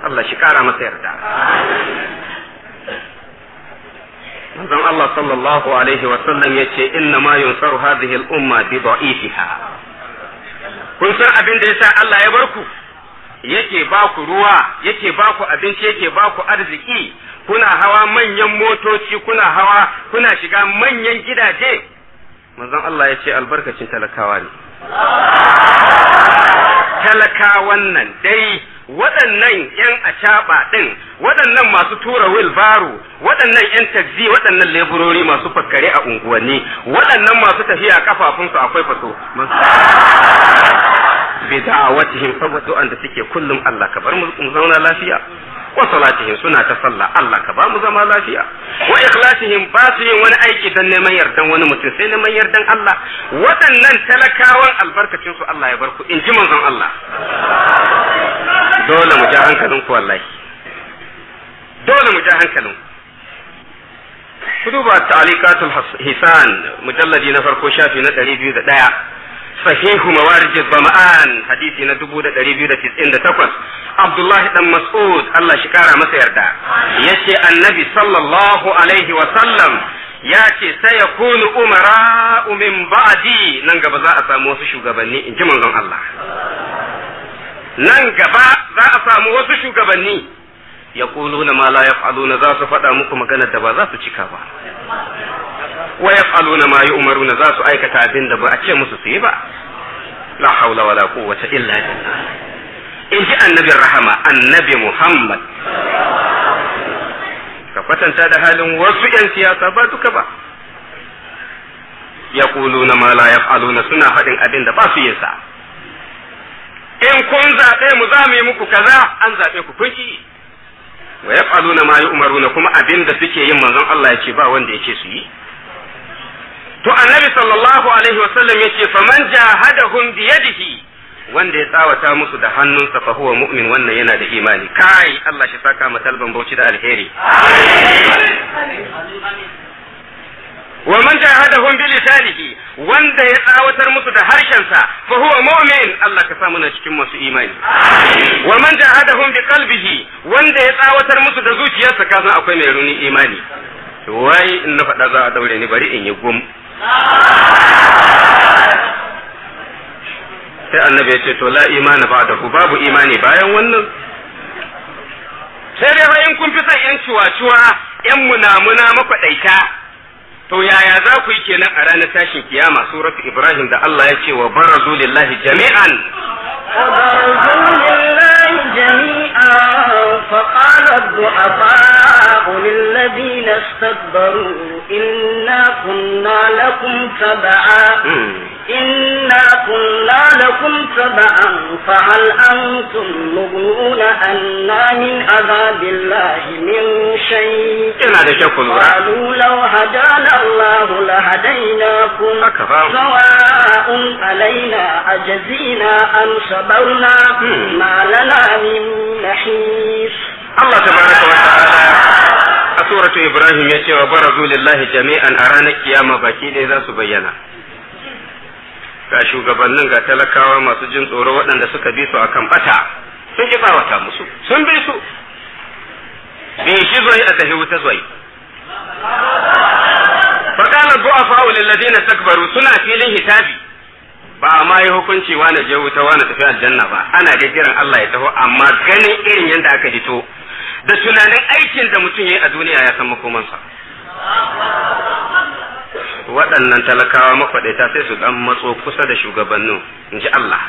Allah shi kara masa yarda manzon Allah sallallahu alaihi wa sallam ce, inna ma yunsaru hadhihi al-umma bi da'ifiha kun san abin da yasa Allah ya bar ku yake ba ku ruwa yake ba ku abinci yake ba ku arziki kuna hawa manyan motoci kuna hawa kuna shiga manyan gidaje manzon Allah ya ce albarkacin talakawa ne talakawan nan dai waɗannan 'yan acaɓa ɗin waɗannan masu tura wilbaro waɗannan 'yan taxi waɗannan leburori masu fakare a unguwanni waɗannan masu tafiya kafafunsu akwai faso fa wato da suke kullum Allah ka bar mu zauna lafiya wa salatihim suna ta sallah Allah ka ba mu zama lafiya wa ikhlasihim ba su yin wani aiki dan neman yardan wani mutum sai neman yardan Allah waɗannan talakawan albarkacin su Allah ya bar ku in ji manzon Allah dole mu ja hankalin ku wallahi dole mu ja hankalin ku duba ta'alikatul hisan mujalladi na farko shafi na 201 sahihu mawarij zama'an hadisi na 2298 Abdullahi dan Mas'ud Allah shi kara masa yarda yace annabi sallallahu alaihi wa sallam ya ce sai ya kunu umara min ba'adi, nan gaba za a samu wasu shugabanni in ji manzon Allah nan gaba za a samu wasu shugabanni na ma la na za su faɗa muku magana da ba za su cika ba wa na ma na za su aikata abin da ba a ce musu su yi ba la haula la quwwata illa billah in ji annabi rahama annabi muhammad ka kwatanta da halin wasu 'yan siyasa ba duka ba ya na ma la na suna haɗin abin da ba su yin sa in kun zaɓe mu za mu yi muku kaza an zaɓe ku kun yi. wa ya yaf'aluna ma na kuma abin da suke yin manzon Allah yake ba wanda yake su yi to annabi sallallahu alaihi wasallam yake faman jahadahum bi yadihi wanda ya tsawata musu da hannunsa fa huwa mu'min wannan yana da imani kai Allah shi saka talban bauchi da alheri wa man jahadahum bi lisanihi wanda ya tsawatar musu da harshensa fa huwa mu'min Allah ka sa muna cikin masu imani wa man jahadahum bi qalbihi wanda ya tsawatar musu da zuciyarsa ka san akwai mai runi imani to wai in na faɗa za a daure ni bari in yi gum sai annabi ya ce to la da ku babu imani bayan wannan sai dai fa in kun fi son yan ciwa-ciwa yan munamuna makwaɗaita to yaya za ku yi kenan a ranar tashin kiyama suratu ibrahim da Allah ya ce wa barazu lillahi jami'an فقال الضعفاء للذين استكبروا إنا كنا لكم تبعا إنا قلنا لكم سبعا فهل أنتم مغنون أنا من عذاب الله من شيء قالوا لو هدانا الله لهديناكم سواء علينا أجزينا أم صبرنا ما لنا من محيص الله تبارك وتعالى سورة إبراهيم يا ya ce wa جميعا أرانا jami'an a إذا سبينا ga shugabannin ga talakawa masu jin tsoro waɗanda suka bi su akan bata sun ki bawata musu sun bi su bi shi zai a tahi wuta zai fakala du'afa lilladina takbaru suna filin hitabi ba a ma yi hukunci wani je wuta wani tafi aljanna ba ana da jiran Allah ya taho amma ganin irin yadda aka fito da tunanin aikin da mutum ya yi a duniya ya san makomansa. waɗannan talakawa makwaɗaita sai su ɗan matso kusa da shugabannin in ji Allah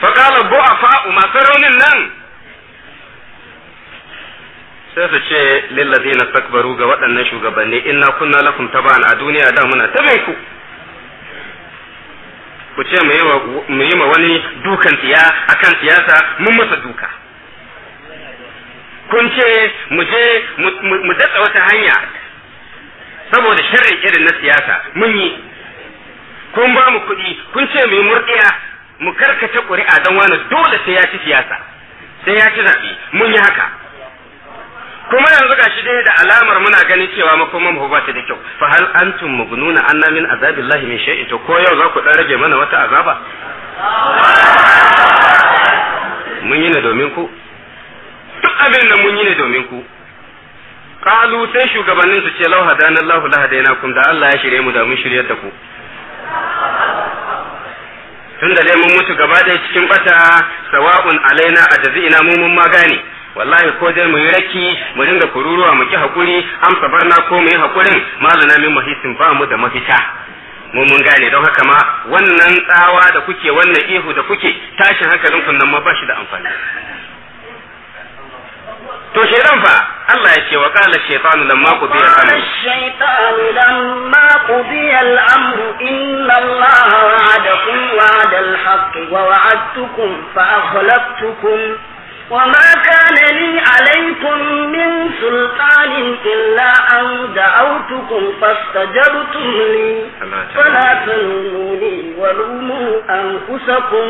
fakalar fa'u masu raunin nan sai su ce zai na takbaru ga waɗannan shugabanni inna kunna lakum taba'an a duniya da muna tabin ku ku ce mu yi ma wani dukan a kan siyasa mun masa duka ce mu je mu datsa wata hanya saboda shirin irin na siyasa mun yi kun ba mu kuɗi kun ce mu yi murɗiya mu karkata ƙuri'a don wani dole sai ya ci siyasa sai ya ci zaɓe mun yi haka kuma yanzu ga shi dai da alamar muna ganin cewa makoman mu ba ta da kyau fa hal antum mugununa anna min azabillahi min shay'in to ko yau za ku dan rage mana wata azaba mun yi ne domin ku abin nan mun yi ne domin ku kalu sai shugabannin su ce lau hadana Allahu la hadaina kum da Allah ya shirye mu da mun shiryar da ku tun da mutu gaba ɗaya cikin bata sawa'un alaina a jazi'ina mu mun magani wallahi ko dai mu yi raki mu dinga kururuwa mu ki hakuri amsa barna ko mu yi hakurin malana min mahisin ba mu da mafita mu mun gane don haka ma wannan tsawa da kuke wannan ihu da kuke tashin hankalin nan ma ba shi da amfani to shedan fa Allah ya ce wa qala shaytanu lamma qudiya al-amr shaytanu lamma qudiya al amru inna Allah wa'adakum wa'ada al-haqq wa wa'adtukum fa akhlaftukum وما كان لي عليكم من سلطان إلا أن دعوتكم فاستجبتم لي فلا تلوموني ولوموا أنفسكم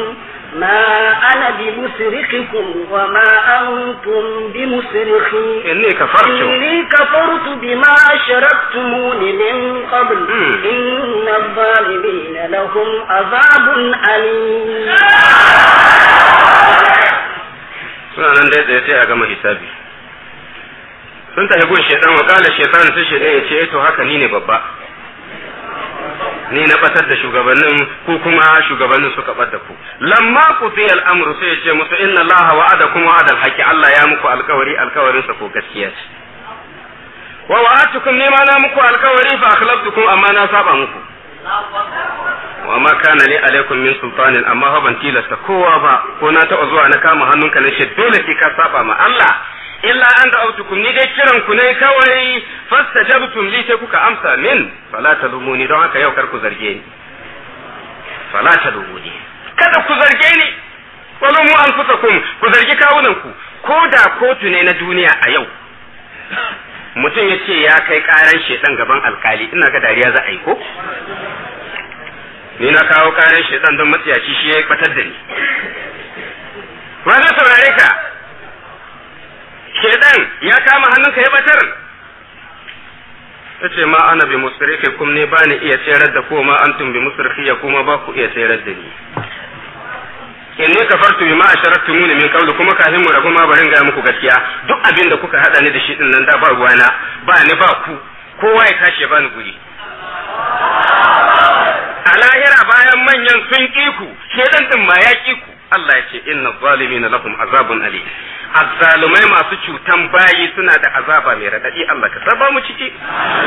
ما أنا بمسرخكم وما أنتم بمسرخي إني كفرت إني كفرت بما أشركتمون من قبل مم. إن الظالمين لهم عذاب أليم suna nan dai sai a gama hisabi sun tafi gun shaitan wa kala shaitan sai shaitan ya ce eh, to haka ni ne babba ni na batar da shugabannin ko kuma shugabannin suka da ku lamma ku fi al'amru sai ya ce musu inna allaha wa'ada kuma wa'ada alhaqi Allah ya muku alkawari alkawarin sa ko gaskiya ce wa wa'atukum ne ma na muku alkawari fa akhlaftukum amma na saba muku wa ma kana li alaikum min sultanin amma fa ban tilasta kowa ba ko na taɓa zuwa na kama hannunka na shi dole sai ka saba ma Allah illa an da'autukum ni dai kiran ku ne kawai fastajabtum li sai kuka amsa min fala talumuni don haka yau kar ku zarge ni fala talumuni kada ku zarge ni walumu anfusakum ku zargi kawunan ku ko da kotu ne na duniya a yau mutum ya ce ya kai karan shedan gaban alkali ina ga dariya za a yi ko ni na kawo karan shedan don matsiyaci shi ya yi kwatar da ni wa saurare ka shedan ya kama hannunka ya batar ce ma ana bi musrike kum ne bani iya tserar da kuma an antum bi musrikiya kuma ba ku iya tserar da ni in a sharar tun asharaktumuni min qablu kuma kafin mu rabu ma barin ga muku gaskiya duk abin da kuka hada ni da shi din nan da ba ruwana ba ni ba ku kowa ya tashi ba bani guri a lahira bayan manyan sun ƙi ku shedan din ma ya ƙi ku Allah ya ce inna zalimina lahum azabun ali azzalumai masu cutan bayi suna da azaba mai radadi Allah ka saba mu ciki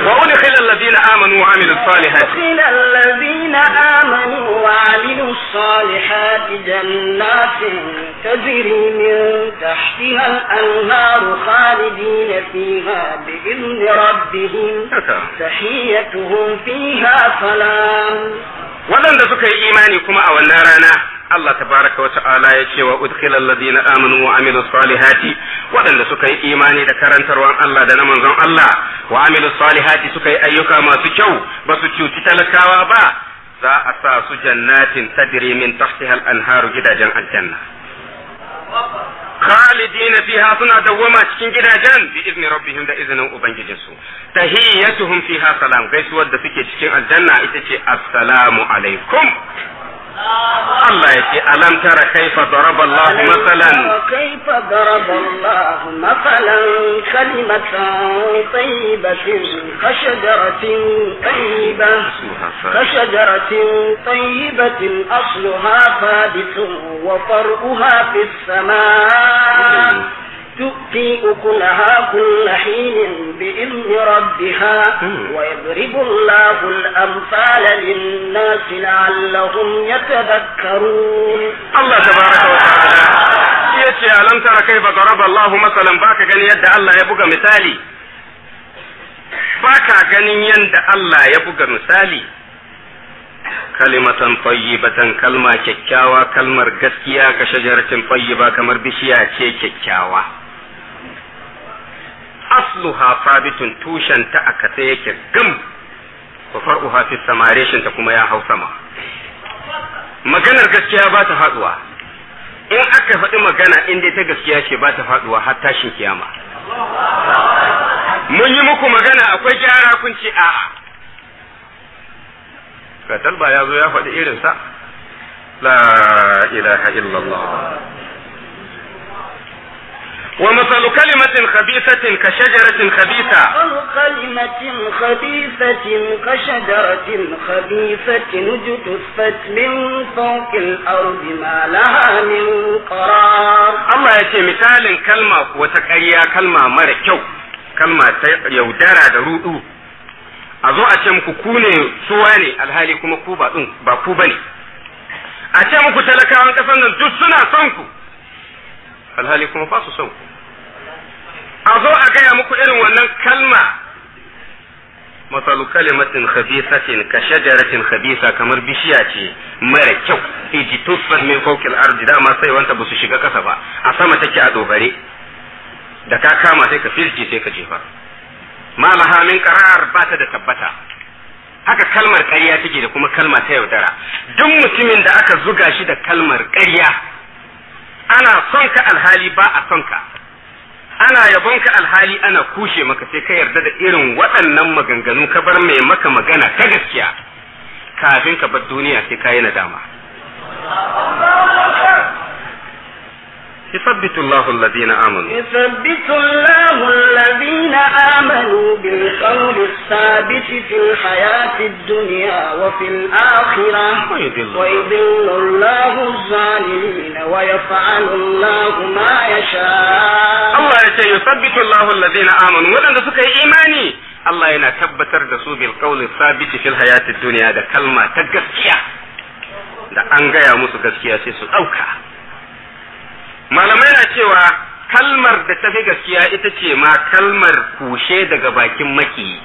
wa udkhila alladhina amanu wa amilus salihati udkhila alladhina amanu wa amilus salihati jannatin tajri min tahtiha al-anhar khalidin fiha bi idni rabbihim tahiyatuhum fiha salam waɗanda suka yi imani kuma a wannan rana Allah tabaraka wa ta'ala ya ce wa udkhila alladhina amanu wa amilus salihati waɗanda suka yi imani da karantarwan Allah da na manzon Allah wa amilus salihati suka yi ayyuka masu kyau ba su cuci talakawa ba za a sa su jannatin tajri min tahtiha al-anharu gidajen aljanna khalidina fiha suna dawwama cikin gidajen bi izni rabbihim da izinin ubangijinsu tahiyatuhum fiha salam gaisuwar da suke cikin aljanna ita ce assalamu alaikum الله يكي ألم تر كيف ضرب الله مثلا كيف ضرب الله مثلا كلمة طيبة كشجرة طيبة كشجرة طيبة أصلها ثابت وفرؤها في السماء تؤتي أكلها كل حين بإذن ربها ويضرب الله الأمثال للناس لعلهم يتذكرون الله تبارك وتعالى yace alam tara kaifa daraba Allahu masalan baka gani yadda Allah ya buga misali baka ganin yadda Allah ya buga misali kalimatan tayyibatan kalma kyakkyawa kalmar gaskiya ka shajaratin tayyiba kamar bishiya ce kyakkyawa asluha sabitun tushen ta a kasa yake gam wa far'uha fi samareshin ta kuma ya hau sama maganar gaskiya ba ta haduwa in aka faɗi magana in dai ta gaskiya ce ba ta faduwa har tashin kiyama mun yi muku magana akwai gyara kun ce a'a katalba ya zo ya faɗi irinsa la ilaha illallah ومثل كلمة خبيثة كشجرة خبيثة ومثل كلمة خبيثة كشجرة خبيثة اجتثت من فوق الأرض ما لها من قرار الله يتي مثال كلمة وتكأيا كلمة مركو كلمة يودارا درودو أظن zo a سواني الهالي ku ne suwa ne alhali kuma ku ba ba ku bane a ce muku a zo a gaya muku irin wannan kalma masalu kalimatin khabisatin ka shajaratin khabisa kamar bishiya ce mara kyau iji tuffat min fawqil ardi dama sai wanta basu shiga kasa ba a sama take a dobare da ka kama sai ka firji sai ka jefa ma laha ba ta da tabbata haka kalmar ƙarya take da kuma kalma ta yaudara duk mutumin da aka zuga shi da kalmar ƙarya ana son ka alhali ba a son ka ana yabon ka alhali ana kushe maka sai ka yarda da irin waɗannan maganganu ka bar mai maka magana ta gaskiya kafin ka bar duniya sai ka yi nadama يثبت الله الذين آمنوا يثبت الله الذين آمنوا بالقول الثابت في الحياة الدنيا وفي الآخرة ويذل, الله الظالمين ويفعل الله ما يشاء الله يشاء يثبت الله الذين آمنوا ولن تسكي إيماني الله ينا تبتر دسو بالقول الثابت في الحياة الدنيا ده كلمة تقفية ده أنقيا مسو سيسو أوكا malamai na cewa kalmar da ta fi gaskiya ita ce ma kalmar kushe daga bakin makiyi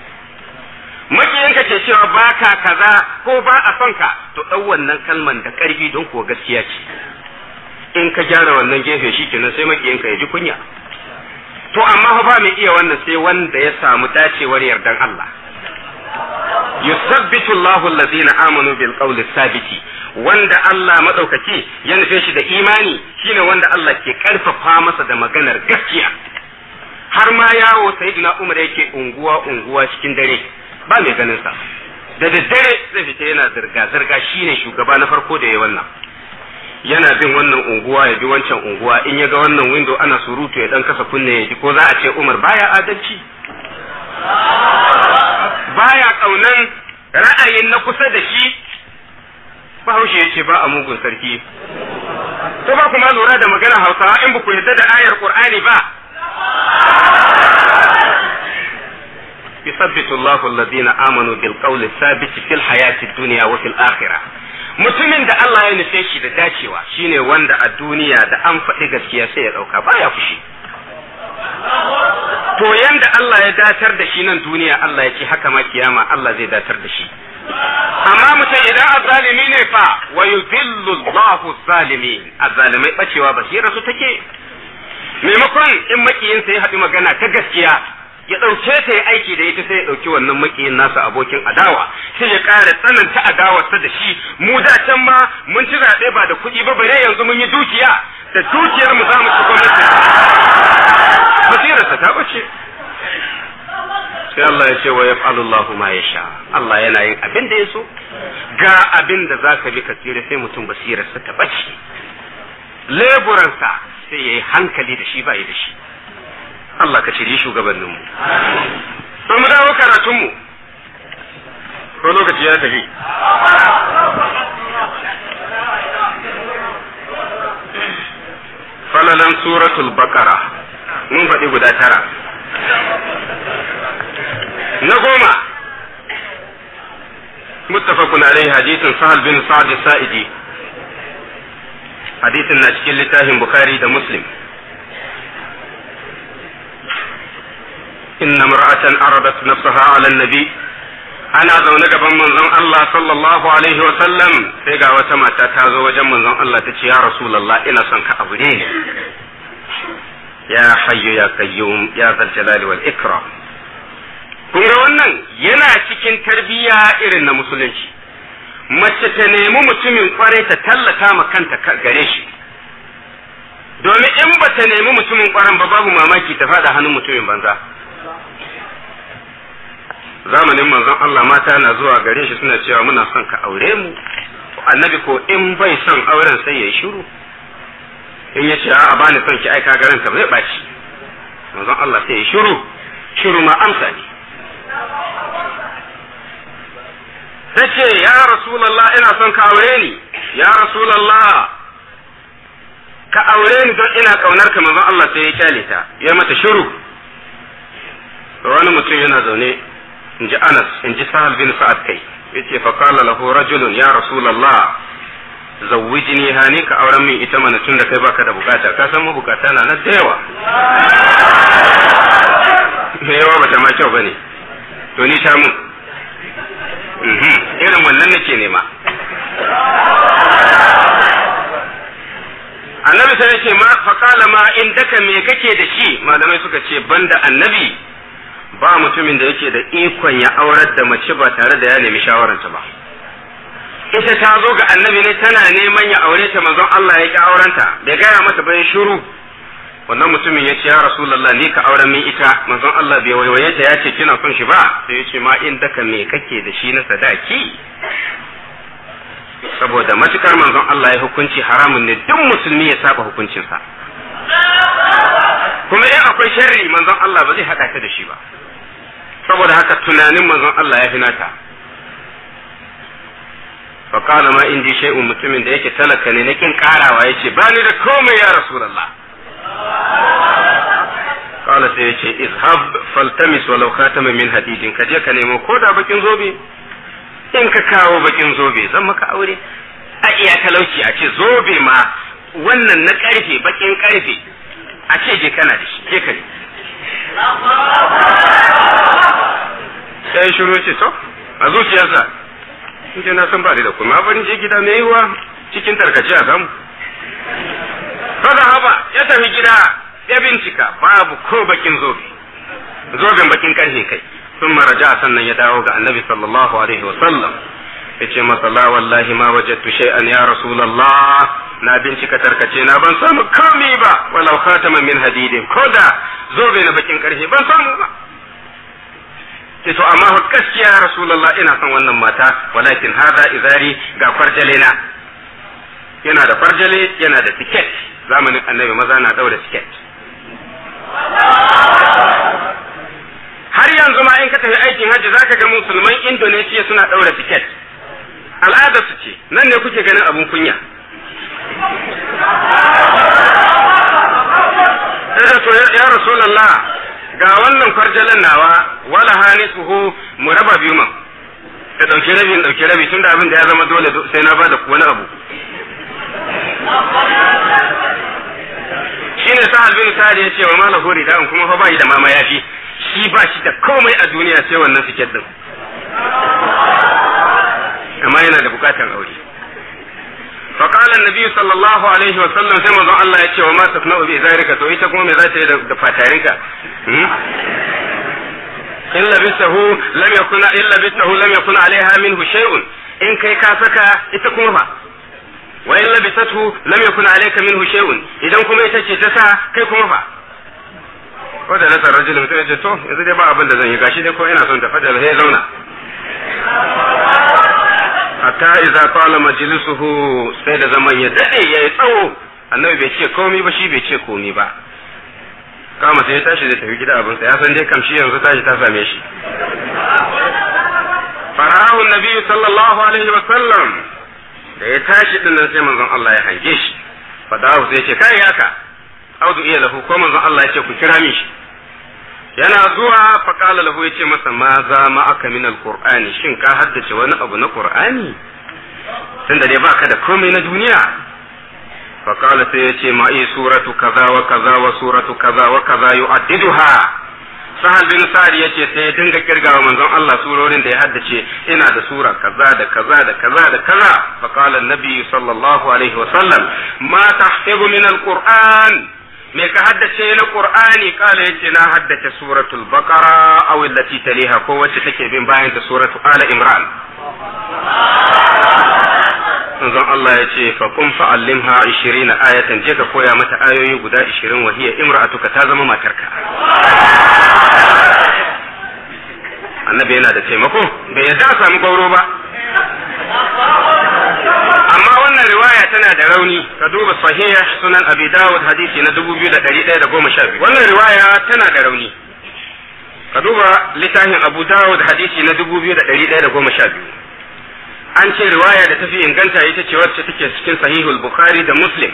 makiyinka ce cewa ba ka kaza ko ba a son ka to ɗau wannan kalman da ƙarfi don kuwa gaskiya ce in ka gyara wannan gefe shi kenan sai makiyinka ya ji kunya to amma ba mai iya wannan sai wanda ya samu dacewar yardan Allah yusabbitu Allahu allazina amanu bil qawli sabiti wanda Allah madaukaki ya nufe shi da imani shine wanda Allah ke karfafa masa da maganar gaskiya har ma yawo sayyidina Umar yake unguwa unguwa cikin dare ba mai ganin sa da daddare zai fita yana zirga zirga shine shugaba na farko da ya wannan yana bin wannan unguwa ya bi wancan unguwa in ya ga wannan window ana surutu ya dan kasa kunne ya ji ko za a ce Umar baya adalci baya kaunan ra'ayin na kusa da shi bahaushe ya ce ba a mugun sarki ko ba kuma lura da maganar hausawa in ba ku yarda da ayar qur'ani ba يثبت amanu bil آمنوا بالقول fil hayati الحياة الدنيا وفي الآخرة mutumin da Allah ya nufe shi da dacewa shine wanda a duniya da an faɗi gaskiya sai ya ɗauka baya fushi to yanda Allah ya datar da shi nan duniya Allah ya ce haka ma kiyama Allah zai datar da shi amma mutum idan azzalimi ne fa wa yuzillu Allahu zalimin azzalimai bacewa basira su take maimakon in makiyin ya haɗu magana ta gaskiya ya ɗauke ta ya aiki da ita sai ya ɗauki wannan makiyin nasa abokin adawa sai ya ƙara tsananta adawarsa da shi mu da can ma mun ci zaɓe ba da kuɗi ba bare yanzu mun yi dukiya da dukiyar mu za mu ci gwamnati basirarsa ta bace sai Allah ya ce wa yaf'alu Allahu ma yasha Allah yana yin abin da yaso ga abin da zaka bi ka tsira sai mutum basirarsa ta bace leburansa sai yayi hankali da shi bai da shi Allah ka shirye shugabannin mu to mu dawo karatun mu ko lokaci ya tafi falalan سورة البقرة mun faɗi guda tara متفق عليه حديث سهل بن سعد السائدي حديث ناشكي لتاه بخاري دا مسلم إن امرأة أربت نفسها على النبي ana zaune gaban manzon Allah sallallahu alaihi wa sallam sai ga wata mata ta zo wajen manzon Allah ta ce ya rasulullah ina son ka abu ne ya hayyu ya qayyum ya zal jalal wal ikram kun ga wannan yana cikin tarbiyya irin na musulunci mace ta nemi mutumin kwarai ta tallata ma kanta gare shi domin in ba ta nemi mutumin kwarin ba babu mamaki ta fada hannun mutumin banza zamanin manzon Allah mata na zuwa gare shi suna cewa muna son ka aure mu annabi ko in bai son auren sai yayi shiru in ya ce a bani son ki aika garin ka zai baci manzon Allah sai yayi shiru shiru ma amsa ne ce ya rasulullah ina son ka aure ni ya rasulullah ka aure ni don ina kaunar ka manzon Allah sai ya kyale ta ya mata shiru wani mutum yana zaune in ji anas in ji sahal bin sa'ad kai yace fa qala lahu rajulun ya rasulullah zawwijni hani ka auren min ita mana tunda kai baka da bukata ka san mu bukata na nan da yawa me yawa bata ma kyau bane to ni ta mu mhm, irin wannan nake nema annabi sai ya ce ma faqala ma indaka me kake da shi malamai suka ce banda annabi ba mutumin da yake da ikon ya aurar da mace ba tare da ya nemi ta ba ita ta zo ga annabi ne tana neman ya aure ta manzon Allah ya ki aurenta bai gaya mata bai shiru wannan mutumin ya ce ya rasulullah ni ka auren min ita manzon Allah bai waiwaye ta ya ce kina son shi ba sai ya ce ma in daka me kake da shi na sadaki saboda matukar manzon Allah ya hukunci haramun ne duk musulmi ya saba hukuncinsa kuma in akwai sharri manzon Allah ba zai haɗa ta da shi ba saboda haka tunanin manzon Allah ya fi nata fa kana ma indi shay'un mutumin da yake talaka ne nakin karawa yace ba ni da komai ya rasulullah kana sai yace izhab faltamis walau khatama min hadidin ka je ka nemo ko da bakin zobe in ka kawo bakin zobe zan maka aure a iya talauci a ce zobe ma wannan na karfe bakin karfe a ce je kana da shi je ka ya yi shiru ce to a zuciyarsa in ce na san ba da kuma bari je gida mai yiwa cikin tarkace a samu fada haba ya tafi gida ya bincika babu ko bakin zobe zoben bakin karhe kai sun maraja sannan ya dawo ga annabi sallallahu alaihi wa sallam ya ce masa la wallahi ma wajattu shay'an ya rasulullah na bincika tarkace na ban samu komi ba walau khataman min hadidin koda zobe na bakin karhe ban samu ba to amma gaskiya rasulullah ina son wannan mata walakin hada izari ga farjale na? yana da farjale yana da tiket zamanin annabi maza na daura tiket har yanzu ma in ka tafi aikin hajji zaka ga musulman Indonesia suna daura tiket al'ada su ce nan ne kuke ganin abun kunya eh, ya rasulullah ga wannan kwarjalan nawa wala hanisuhu mu raba biyu ma ka dauke rabi in dauke rabi tunda abin da ya zama dole sai na bada wani abu shine sahal bin sa'ad ya ce wa malahu rida'un kuma fa bai da mama yafi shi ba shi da komai a duniya sai wannan da din amma yana da bukatan aure فقال النبي صلى الله عليه وسلم sai manzon Allah ya ce wa ma tasna'u bi zarika to ita kuma me za ta yi da fatarinka in labistahu lam yakun in labistahu lam yakun in kai ka saka ita kuma fa wa in labisathu lam yakun alayka minhu idan kuma ita ce ta sa kai kuma fa na ya ce to yanzu dai ba abin da zan yi gashi dai ko ina son ta fada sai zauna hatta iza qala majlisuhu sai da zaman ya dade yayi tsawo annabi bai ce komai ba shi bai ce komai ba kama sai ya tashi zai tafi gida abinsa ya san dai kamshi yanzu tashi ta same shi farahu nabi sallallahu alaihi wa sallam da ya tashi din nan sai manzon Allah ya hange shi fadahu sai ya ce kai yaka audu iya lahu ko manzon Allah ya ce ku kira min shi yana zuwa faƙala lahu ya ce masa ma za ma'aka min alƙur'ani shin ka haddace wani abu na ƙur'ani tun da dai ka da komai na duniya faƙala sai ya ce ma ma'i suratu kaza wa kaza wa suratu kaza wa kaza ha. sahal bin sa'ad ya ce sai ya dinga kirgawa manzon Allah surorin da ya haddace ina da sura kaza da kaza da kaza da kaza faƙala annabi sallallahu alaihi wa sallam ma tahsibu min alqur'an me ka haddace na qur'ani kala yace na haddace suratul baqara aw allati taliha ko wacce take bin bayan ta suratul ala imran manzon Allah ya ce fa kun ishirin na ayatan je ka koya mata ayoyi guda 20 wa hiya imra'atuka ta zama matarka annabi yana da taimako bai yadda a samu gauro ba amma wannan riwaya tana da rauni ka duba sahiya sunan abi dawud hadisi na dubu biyu da da goma sha biyu. wannan riwaya tana da rauni ka duba littafin abu dawud hadisi na dubu biyu da da goma sha biyu. an ce riwaya da tafi inganta ita ce wacce take cikin sahihul bukhari da muslim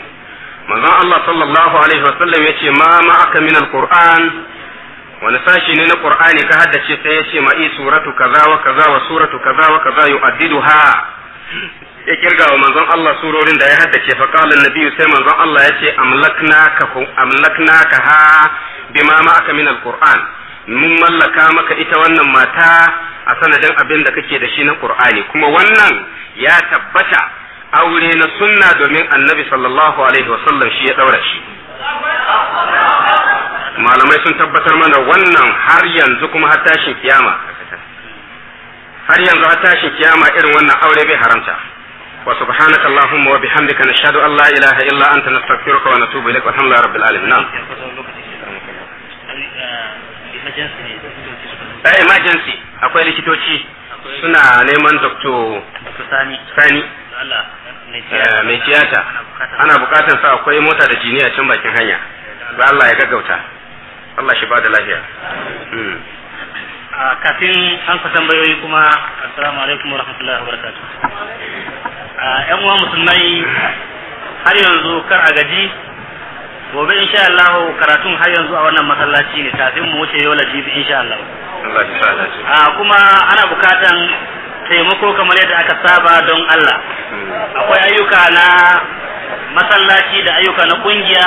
manzon Allah sallallahu alaihi wasallam yace ma ma'aka min alquran wani sashi ne na qur'ani ka haddace sai yace ma'i suratu kaza wa kaza wa suratu kaza wa kaza yu'addiduha ya kirga wa manzon Allah surorin da ya haddace fa qala an-nabiyyu sai manzon Allah yace amlakna ka ha bima ma aka min al mun mallaka maka ita wannan mata a sanadin abin da kake da shi na qur'ani kuma wannan ya tabbata aure na sunna domin annabi sallallahu alaihi wa sallam shi ya daura shi malamai sun tabbatar mana wannan har yanzu kuma har tashin kiyama har yanzu har tashin kiyama irin wannan aure bai haramta وسبحانك اللهم وبحمدك نشهد أن لا na إلا أنت نستغفرك ونتوب إليك والحمد لله رب العالمين نعم emergency akwai likitoci suna neman doktor sani eh, mai tiyata ana bukatar sa akwai mota da jini a can bakin hanya ba Allah ya gaggauta Allah shi ba da lafiya hmm. ah, kafin an ku tambayoyi kuma assalamu alaikum wa rahmatullahi wa barakatuh yan uwa musulmai har yanzu kar a gaji gobe insha Allah karatun har yanzu a wannan masallaci ne kafin mu wuce yola jibi insha Allah a kuma ana bukatan taimako kamar yadda aka saba don Allah hmm. akwai ayyuka na masallaci da ayyuka na kungiya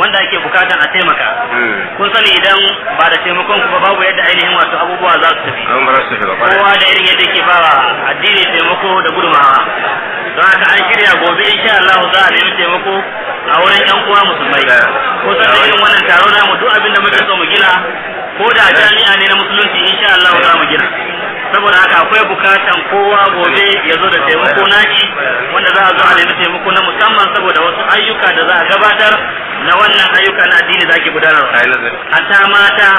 wanda ake bukatan a taimaka hmm. kun sani idan ba da taimakon ku ba babu yadda ainihin wasu abubuwa za su tafi kowa da irin yadda ke bawa addini taimako da gudumawa don haka an shirya gobe insha Allah za a nemi taimako a wurin yan uwa musulmai ko da irin wannan taro na mu duk abin da muke so mu gina ko da jami'a ne na musulunci insha Allah za mu gina saboda haka akwai bukatan kowa gobe ya zo da taimako naki wanda za a zo a nemi taimako na musamman saboda wasu ayyuka da za a gabatar na wannan ayyuka na addini da ake a hatta mata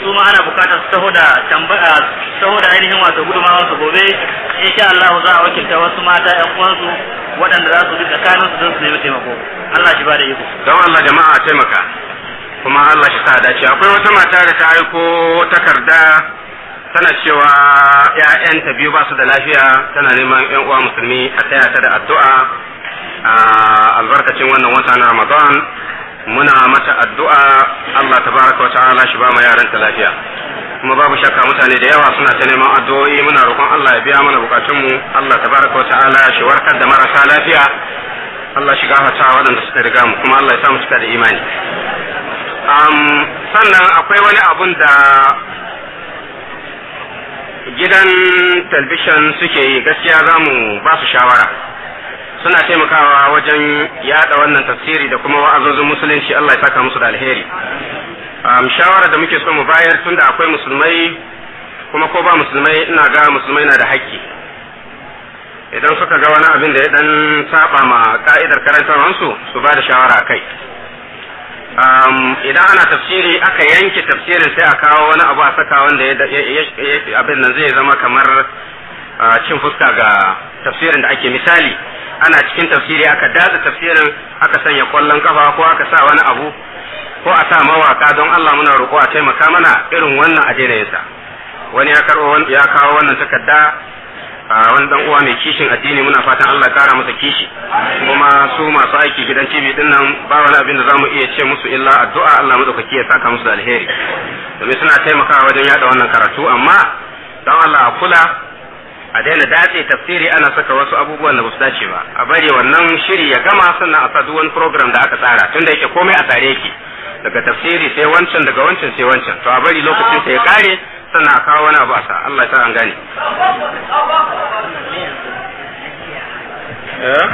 su ma ana bukatar su taho da tambaya taho da ainihin wato gudunmawar su gobe insha Allah za a wakilta wasu mata ƴan uwansu waɗanda za su bi tsakanin su don su nemi taimako Allah shi ba da iko don Allah jama'a taimaka kuma Allah shi sa dace akwai wata mata da ta aiko takarda tana cewa ‘ya'yanta biyu ba su da lafiya tana neman ‘yan uwa musulmi a taya ta da addu'a a albarkacin wannan wata na Ramadan muna mata addu'a Allah tabaraka wa ta'ala shi ba mu yaranta lafiya kuma babu shakka mutane da yawa suna ta neman addu'o'i muna roƙon Allah ya biya mana mu Allah tabaraka wa ta'ala shi warkar da marasa lafiya Allah shi gafarta waɗanda suka riga mu kuma Allah ya sa mu cika da imani sannan akwai wani abun da gidan talbishin suke yi gaskiya zamu mu ba su shawara suna taimakawa wajen yada wannan tafsiri da kuma wa'azozin musulunci Allah ya saka musu da alheri shawara da muke so mu bayar tunda akwai musulmai kuma ko ba musulmai ina ga musulmai na da haƙƙi idan suka ga wani abin da ya dan saba ma ka'idar karantarwansu su ba da shawara a kai idan ana tafsiri aka yanke tafsirin sai a kawo wani abu a saka wanda abin nan zai zama kamar ah, cin fuska ga tafsirin da ake misali ana cikin tafsiri aka datsa tafsirin aka sanya kwallon kafa ko aka sa wani abu ko a sa mawaka don Allah muna roƙo a taimaka mana irin wannan a daina wani ya karɓo ya kawo wannan takarda a wani dan uwa mai kishin addini muna fatan Allah kara masa kishi kuma su masu aiki gidan TV din nan ba wani abin da zamu iya ce musu illa addu'a Allah madaukaki ya saka musu da alheri domin suna taimakawa wajen yada wannan karatu amma dan Allah a kula a daina datse tafsiri ana saka wasu abubuwan da ba su dace ba a bari wannan shiri ya gama sannan a sa duk wani program da aka tsara tunda yake komai a tsare yake daga tafsiri sai wancan daga wancan sai wancan to a bari lokacin sai ya kare sannan a kawo wani abu a sa Allah ya sa an gane eh?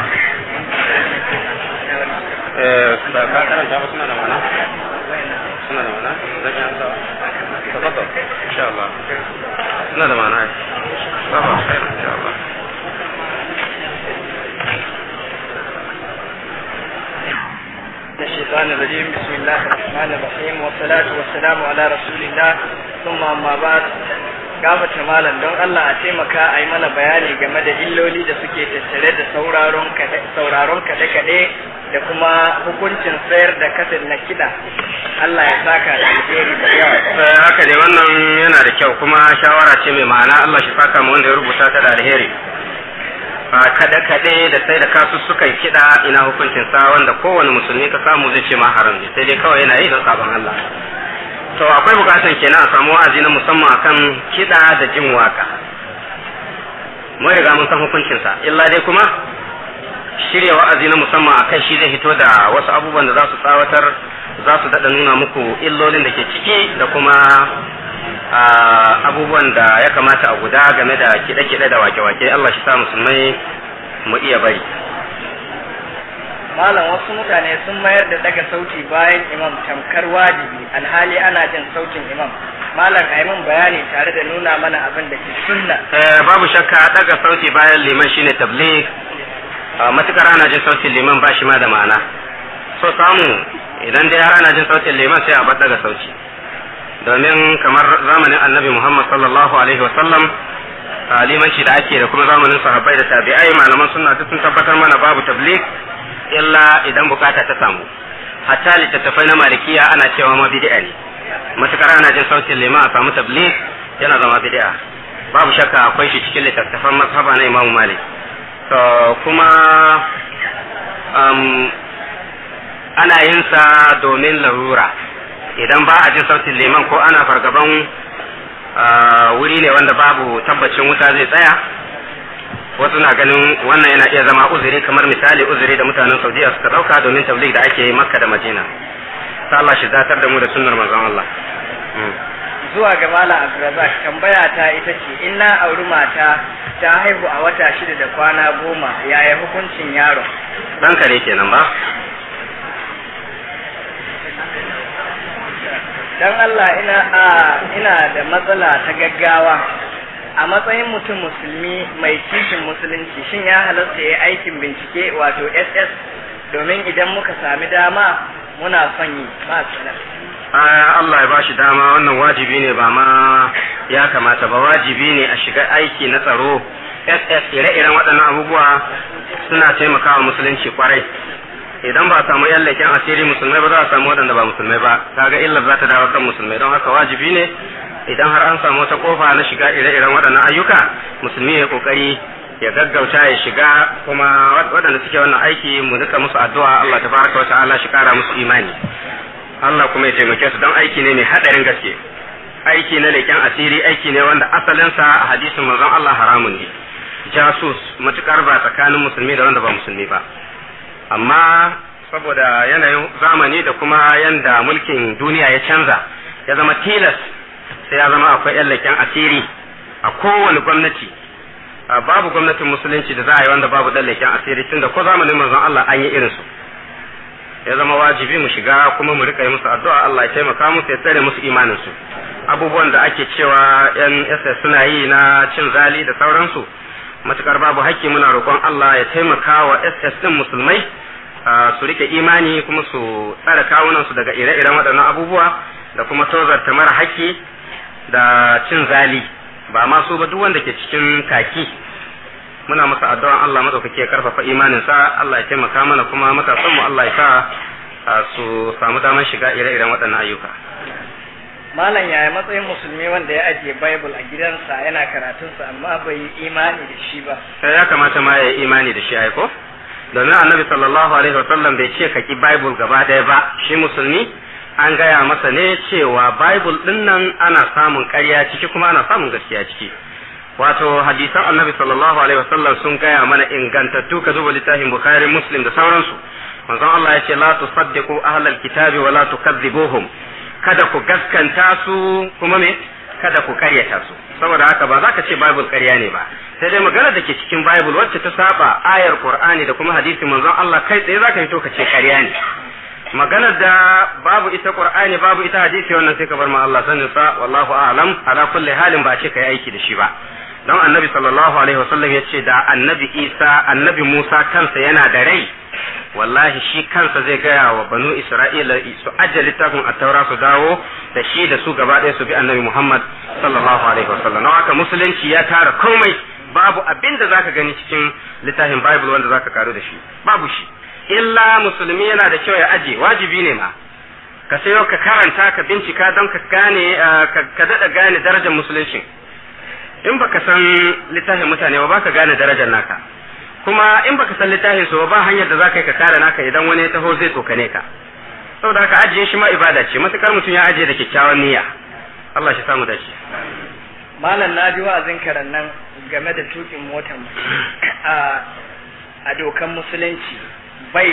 Eh, suna da ma'ana الله خير ان شاء الله الشيطان الرجيم بسم الله الرحمن الرحيم والصلاة والسلام على رسول الله ثم أما بعد gafata malam don Allah a taimaka a yi mana bayani game da illoli da suke tattare da sauraron kaɗe-kaɗe da kuma hukuncin sayar da kasin na kiɗa Allah ya saka da alheri da yawa. Eh, haka dai wannan yana da kyau kuma shawara ce mai ma'ana Allah shi saka mu wanda ya rubuta ta da alheri. Kaɗe-kaɗe da sai da kasu sukan kiɗa ina hukuncin sa wanda kowane musulmi ka samu zai ce ma haram sai dai kawai yana yi don sabon Allah. to akwai bukatar kenan a samu wa'azi na musamman akan kiɗa da jin waka mun riga mun san hukuncinsa illa dai kuma shirya wa'azi na musamman akan shi zai hito da wasu abubuwan da za su tsawatar za su daɗa nuna muku illolin da ke ciki da kuma abubuwan da ya kamata a guda game da kiɗe-kiɗe da wake-wake Allah shi sa musulmai mu iya bari malam wasu mutane sun mayar da daga sauti bayan imam tamkar wajibi alhali ana jin sautin imam malam a min bayani tare da nuna mana abin da ke sunna eh, babu shakka daga sauti bayan liman shine tabligh ah, matukar ana jin sautin liman ba shi ma da ma'ana so samu idan dai har ana jin sautin liman sai a bar daga sauti domin kamar zamanin annabi muhammad sallallahu alaihi wa sallam ah, limanci da ake da kuma zamanin sahabbai da tabi'ai malaman sunna duk sun tabbatar mana babu tabligh illa idan bukata ta samu hatta litattafai na malikiya ana cewa ma bid'a ne matukar ana jin sautin lima a samu tabligh yana zama bid'a babu shakka akwai shi cikin littattafan mazhaba na imamu malik to kuma ana yin sa domin larura idan ba a jin sautin liman ko ana fargaban ah, wuri ne wanda babu tabbacin wuta zai tsaya wasu na ganin wannan yana iya zama uzuri kamar misali uzuri da mutanen saudiya suka dauka domin tabligh da ake yi makka da madina ta Allah shi zatar da mu da sunnar manzon Allah hmm. zuwa ga malam abdulrazak tambaya ta ita ce in na auri mata ta haihu a wata shida da kwana goma yaya hukuncin yaron ka ne kenan ba dan Allah ina da matsala ta gaggawa a matsayin mutum musulmi mai kishin musulunci shin ya halarta ya aikin bincike wato ss domin idan muka sami dama muna son yi ba Allah ya bashi dama wannan wajibi ne ba ma ya kamata ba wajibi ne a shiga aiki na tsaro ss ire-iren waɗannan abubuwa suna taimakawa musulunci kwarai idan ba samu yan asiri musulmai ba za a samu waɗanda ba musulmai ba kaga illar za ta dawo kan musulmai don haka wajibi ne idan har an samu wata kofa na shiga ire-iren waɗannan ayyuka musulmi ya kokari ya gaggauta ya shiga kuma waɗanda suke wannan aiki mu duka musu addu'a Allah Ta wa ta'ala shi kara musu imani Allah kuma ya taimake su don aiki ne mai haɗarin gaske aiki na leken asiri aiki ne wanda sa a hadisin manzon Allah haramun ne jasus matukar ba tsakanin musulmi da wanda ba musulmi ba amma saboda yanayin zamani da kuma yanda mulkin duniya ya canza ya zama tilas sai ya zama akwai yallakin asiri a kowane gwamnati babu gwamnatin musulunci da za a yi wanda babu ɗan asiri asiri da ko zamanin manzon Allah an yi irin su ya zama wajibi mu shiga kuma mu rika yi musu addu'a Allah ya taimaka musu ya tsare musu imanin su abubuwan da ake cewa yan SS suna yi na cin zali da sauransu matukar babu hakki muna roƙon Allah ya taimaka wa SS din musulmai su rike imani kuma su tsare kawunan su daga ire-iren waɗannan abubuwa da kuma tozarta mara hakki da cin zali ba ma su ba duk wanda ke cikin kaki muna masa addu'an Allah madaukake ya karfafa imanin sa Allah ya taimaka mana kuma matasan mu Allah ya sa su samu daman shiga ire-iren waɗannan ayyuka malam yaya matsayin musulmi wanda ya ajiye bible a gidansa yana karatun sa, amma bai yi imani da shi ba eh, ya kamata ma ya yi imani da shi ai ko domin annabi sallallahu alaihi wasallam bai ce ka ki bible gaba ɗaya ba shi musulmi an gaya masa ne cewa bible din nan ana samun ƙarya ciki kuma ana samun gaskiya ciki wato hadisan annabi sallallahu alaihi wasallam sun gaya mana ingantattu ka zuba littafin bukhari muslim da sauransu manzon Allah ya ce la tusaddiqu ahlal kitabi wa la tukadzibuhum kada ku gaskanta su kuma me kada ku karyata su saboda haka ba za ka ce bible karya ne ba sai dai magana da ke cikin bible wacce ta saba ayar qur'ani da kuma hadisi manzon Allah kai tsaye za ka fito ka ce karya ne maganar da babu ita qur'ani babu ita hadisi wannan sai ka bar ma Allah sanin sa wallahu a'lam ala kulli halin ba ce kai aiki da shi ba don annabi sallallahu alaihi wasallam ya ce da annabi isa annabi musa kansa yana da rai wallahi shi kansa zai gaya wa banu isra'ila su ajje littafin taura su dawo da shi da su gaba ɗaya su bi annabi muhammad sallallahu alaihi wasallam na haka musulunci ya tara komai babu abin da zaka gani cikin littafin bible wanda zaka karu da shi babu shi illa musulmi yana da kyau ya aje wajibi ne ma ka sayo ka karanta ka bincika don ka gane ah, ka daɗa gane darajar musulunci in baka san littafin mutane ba ka gane darajar naka kuma in baka san littafin su ba hanyar da za ka yi ka kare naka idan wani ya taho zai tsokane ka saboda haka ajiye shi ma ibada ce matukar mutum ya ajiye da kyakkyawan niyya Allah shi samu dace malam na ji wa'azin karan nan game da tukin motan ah, a dokan musulunci bai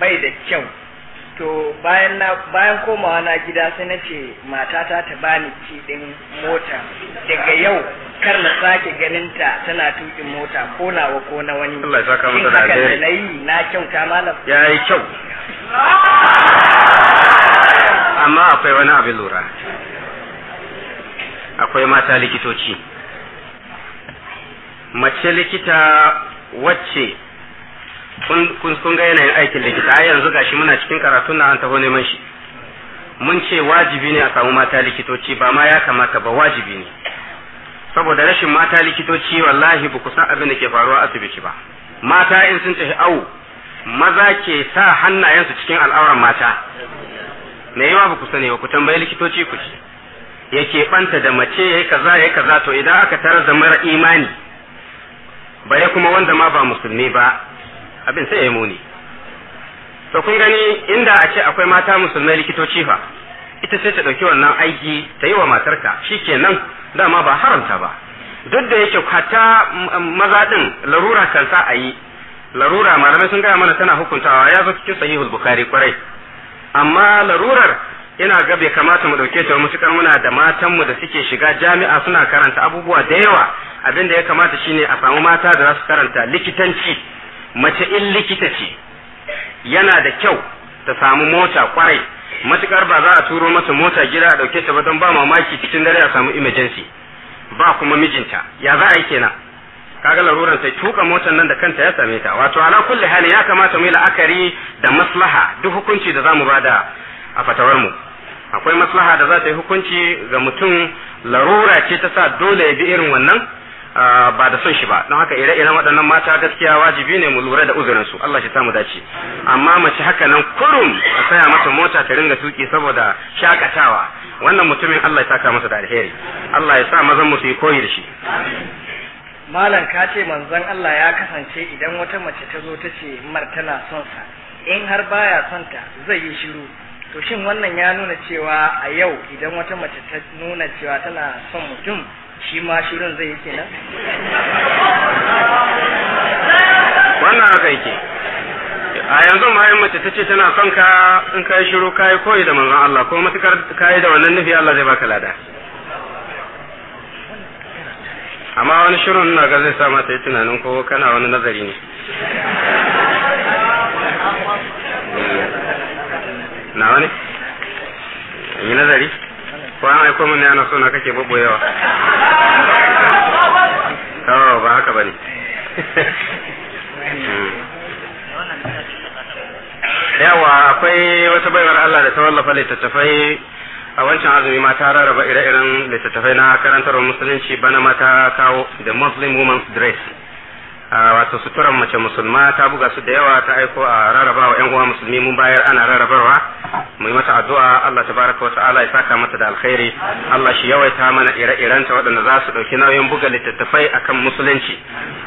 bai da kyau to bayan na bayan komawa na gida sai na ce matata ta bani ki din mota daga yau kar na sake ganin ta tana tukin mota ko nawa ko na wani Allah ya saka mata da dai na yi na kyauta malam yayi kyau amma akwai wani abin lura akwai mata likitoci mace likita wacce kun ga yanayin aikin likita ai yanzu gashi muna cikin karatun na an taho neman shi mun ce wajibi ne a samu mata likitoci ba ma ya kamata ba wajibi ne saboda rashin mata likitoci wallahi ba ku san abin da ke faruwa asibiti ba mata in sun tafi au maza ke sa hannayensu cikin al'auran mata me yawa ba ku sani ba ku tambayi likitoci ku ce yake banta da mace yayi kaza yayi kaza to idan aka tarar da mara imani bare kuma wanda ma ba musulmi ba abin sai ya yi muni to kun gani inda a ce akwai mata musulmai likitoci fa ita sai ta ɗauki wannan aiki ta yi wa matarka shi shikenan dama ba haramta ba duk da yake kwata maza ɗin larura kan sa a yi larura malamai sun gaya mana tana hukuntawa ya zo cikin sahihul bukhari kwarai amma larurar ina ga bai kamata mu ɗauke ta mutukar muna da matan mu da suke shiga jami'a suna karanta abubuwa da yawa abin da ya kamata shine a samu mata da za su karanta likitanci mace in likita ce yana da kyau ta samu mota kwarai matukar ba za a turo masa mota gida a dauke ta ba don ba mamaki cikin dare a samu emergency ba kuma mijinta ya za a yi kenan kaga laruran sai tuka motar nan da kanta ya same ta wato ala kulli hali ya kamata mu yi la'akari da maslaha duk hukunci da zamu bada a fatawar mu akwai maslaha da za ta yi hukunci ga mutum larura ce ta sa dole ya bi irin wannan ba da son shi ba don haka ire-iren waɗannan mata gaskiya wajibi ne mu lura da uzurin su Allah shi ta samu dace amma mace haka nan kurum a saya mata mota ta ringa tuki saboda shakatawa wannan mutumin Allah ya saka masa da alheri Allah ya sa mazan mu su yi koyi da shi malam ka ce manzon Allah ya kasance idan wata mace ta zo ta ce mar tana son sa in har baya son ta zai yi shiru to shin wannan ya nuna cewa a yau idan wata mace ta nuna cewa tana son mutum shi ma shirin zai yi kenan wannan haka yake a yanzu ma yin mace ta ce tana son ka in kai shiru yi koyi da manzon Allah ko matukar yi da wannan nufi Allah zai baka lada amma wani shirin na ga zai sa mata yi tunanin ko kana wani nazari ne na wani yi nazari ko an aiko mun yana suna kake bubbuyawa to ba haka bane yawa akwai wata baiwar Allah da ta wallafa littattafai a wancan azumi ma ta rarraba ire-iren littattafai na karantarwar musulunci bana mata kawo the muslim woman's dress wato suturan mace musulma ta buga su da yawa ta aiko a rarrabawa yan uwa musulmi mun bayar ana rarrabarwa mu yi mata addu'a Allah baraka wasu ala ya saka mata da alkhairi Allah shi yawaita mana ire-iren ta waɗanda za su ɗauki nauyin buga littattafai akan musulunci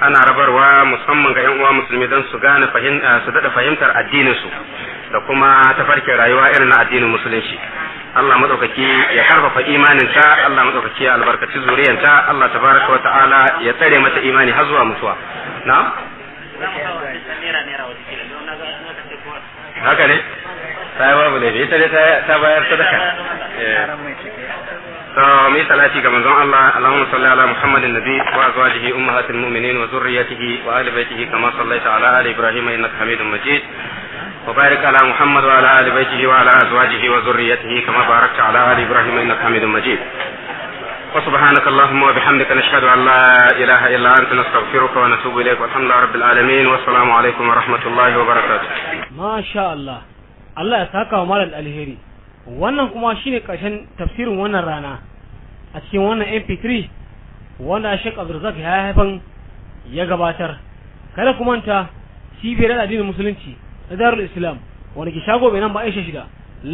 ana rabarwa musamman ga yan uwa musulmi don su gane eh, su daɗa fahimtar addinin su da kuma tafarkin rayuwa irin na addinin musulunci Allah madaukaki ya karfafa imaninta Allah madaukaki ya albarkaci zuriyanta Allah tabaraka wa ta'ala ya tsare mata imani har zuwa mutuwa na'am haka ne ta babu laifi ita ne ta bayar sadaka فمي ثلاثي كما زعم الله اللهم صل على محمد النبي وازواجه امهات المؤمنين وذريته وال بيته كما صليت على ال ابراهيم انك حميد مجيد وبارك على محمد وعلى آل بيته وعلى أزواجه وذريته كما باركت على آل إبراهيم إنك حميد مجيد وسبحانك اللهم وبحمدك نشهد أن لا إله إلا أنت نستغفرك ونتوب إليك والحمد لله رب العالمين والسلام عليكم ورحمة الله وبركاته ما شاء الله الله يساك ومال الهيري wannan kuma shine karshen tafsirin wannan rana a cikin wannan mp3 wanda Sheikh Abdulrazak ya haifan ya gabatar kada ku manta cibiyar addinin musulunci na darul islam wani ki shago bai nan ba aisha shida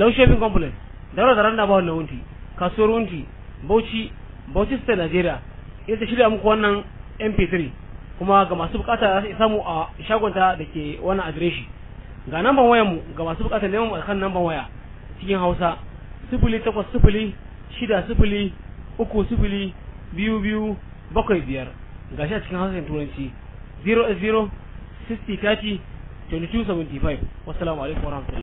low shopping complex daura da randa ba wannan wunti kasuwar wunti bauchi bauchi state nigeria ita shirya muku wannan mp3 kuma ga masu bukata za su samu a shagonta da ke wannan adireshi ga namban wayar mu ga masu bukata neman mu kan namban waya cikin hausa sifili takwas sifili shida sifili uku sifili biyu biyu bakwai biyar ga shi a cikin hausa turanci 0 0 60 30 2275 wassalamu alaikum warahmatullahi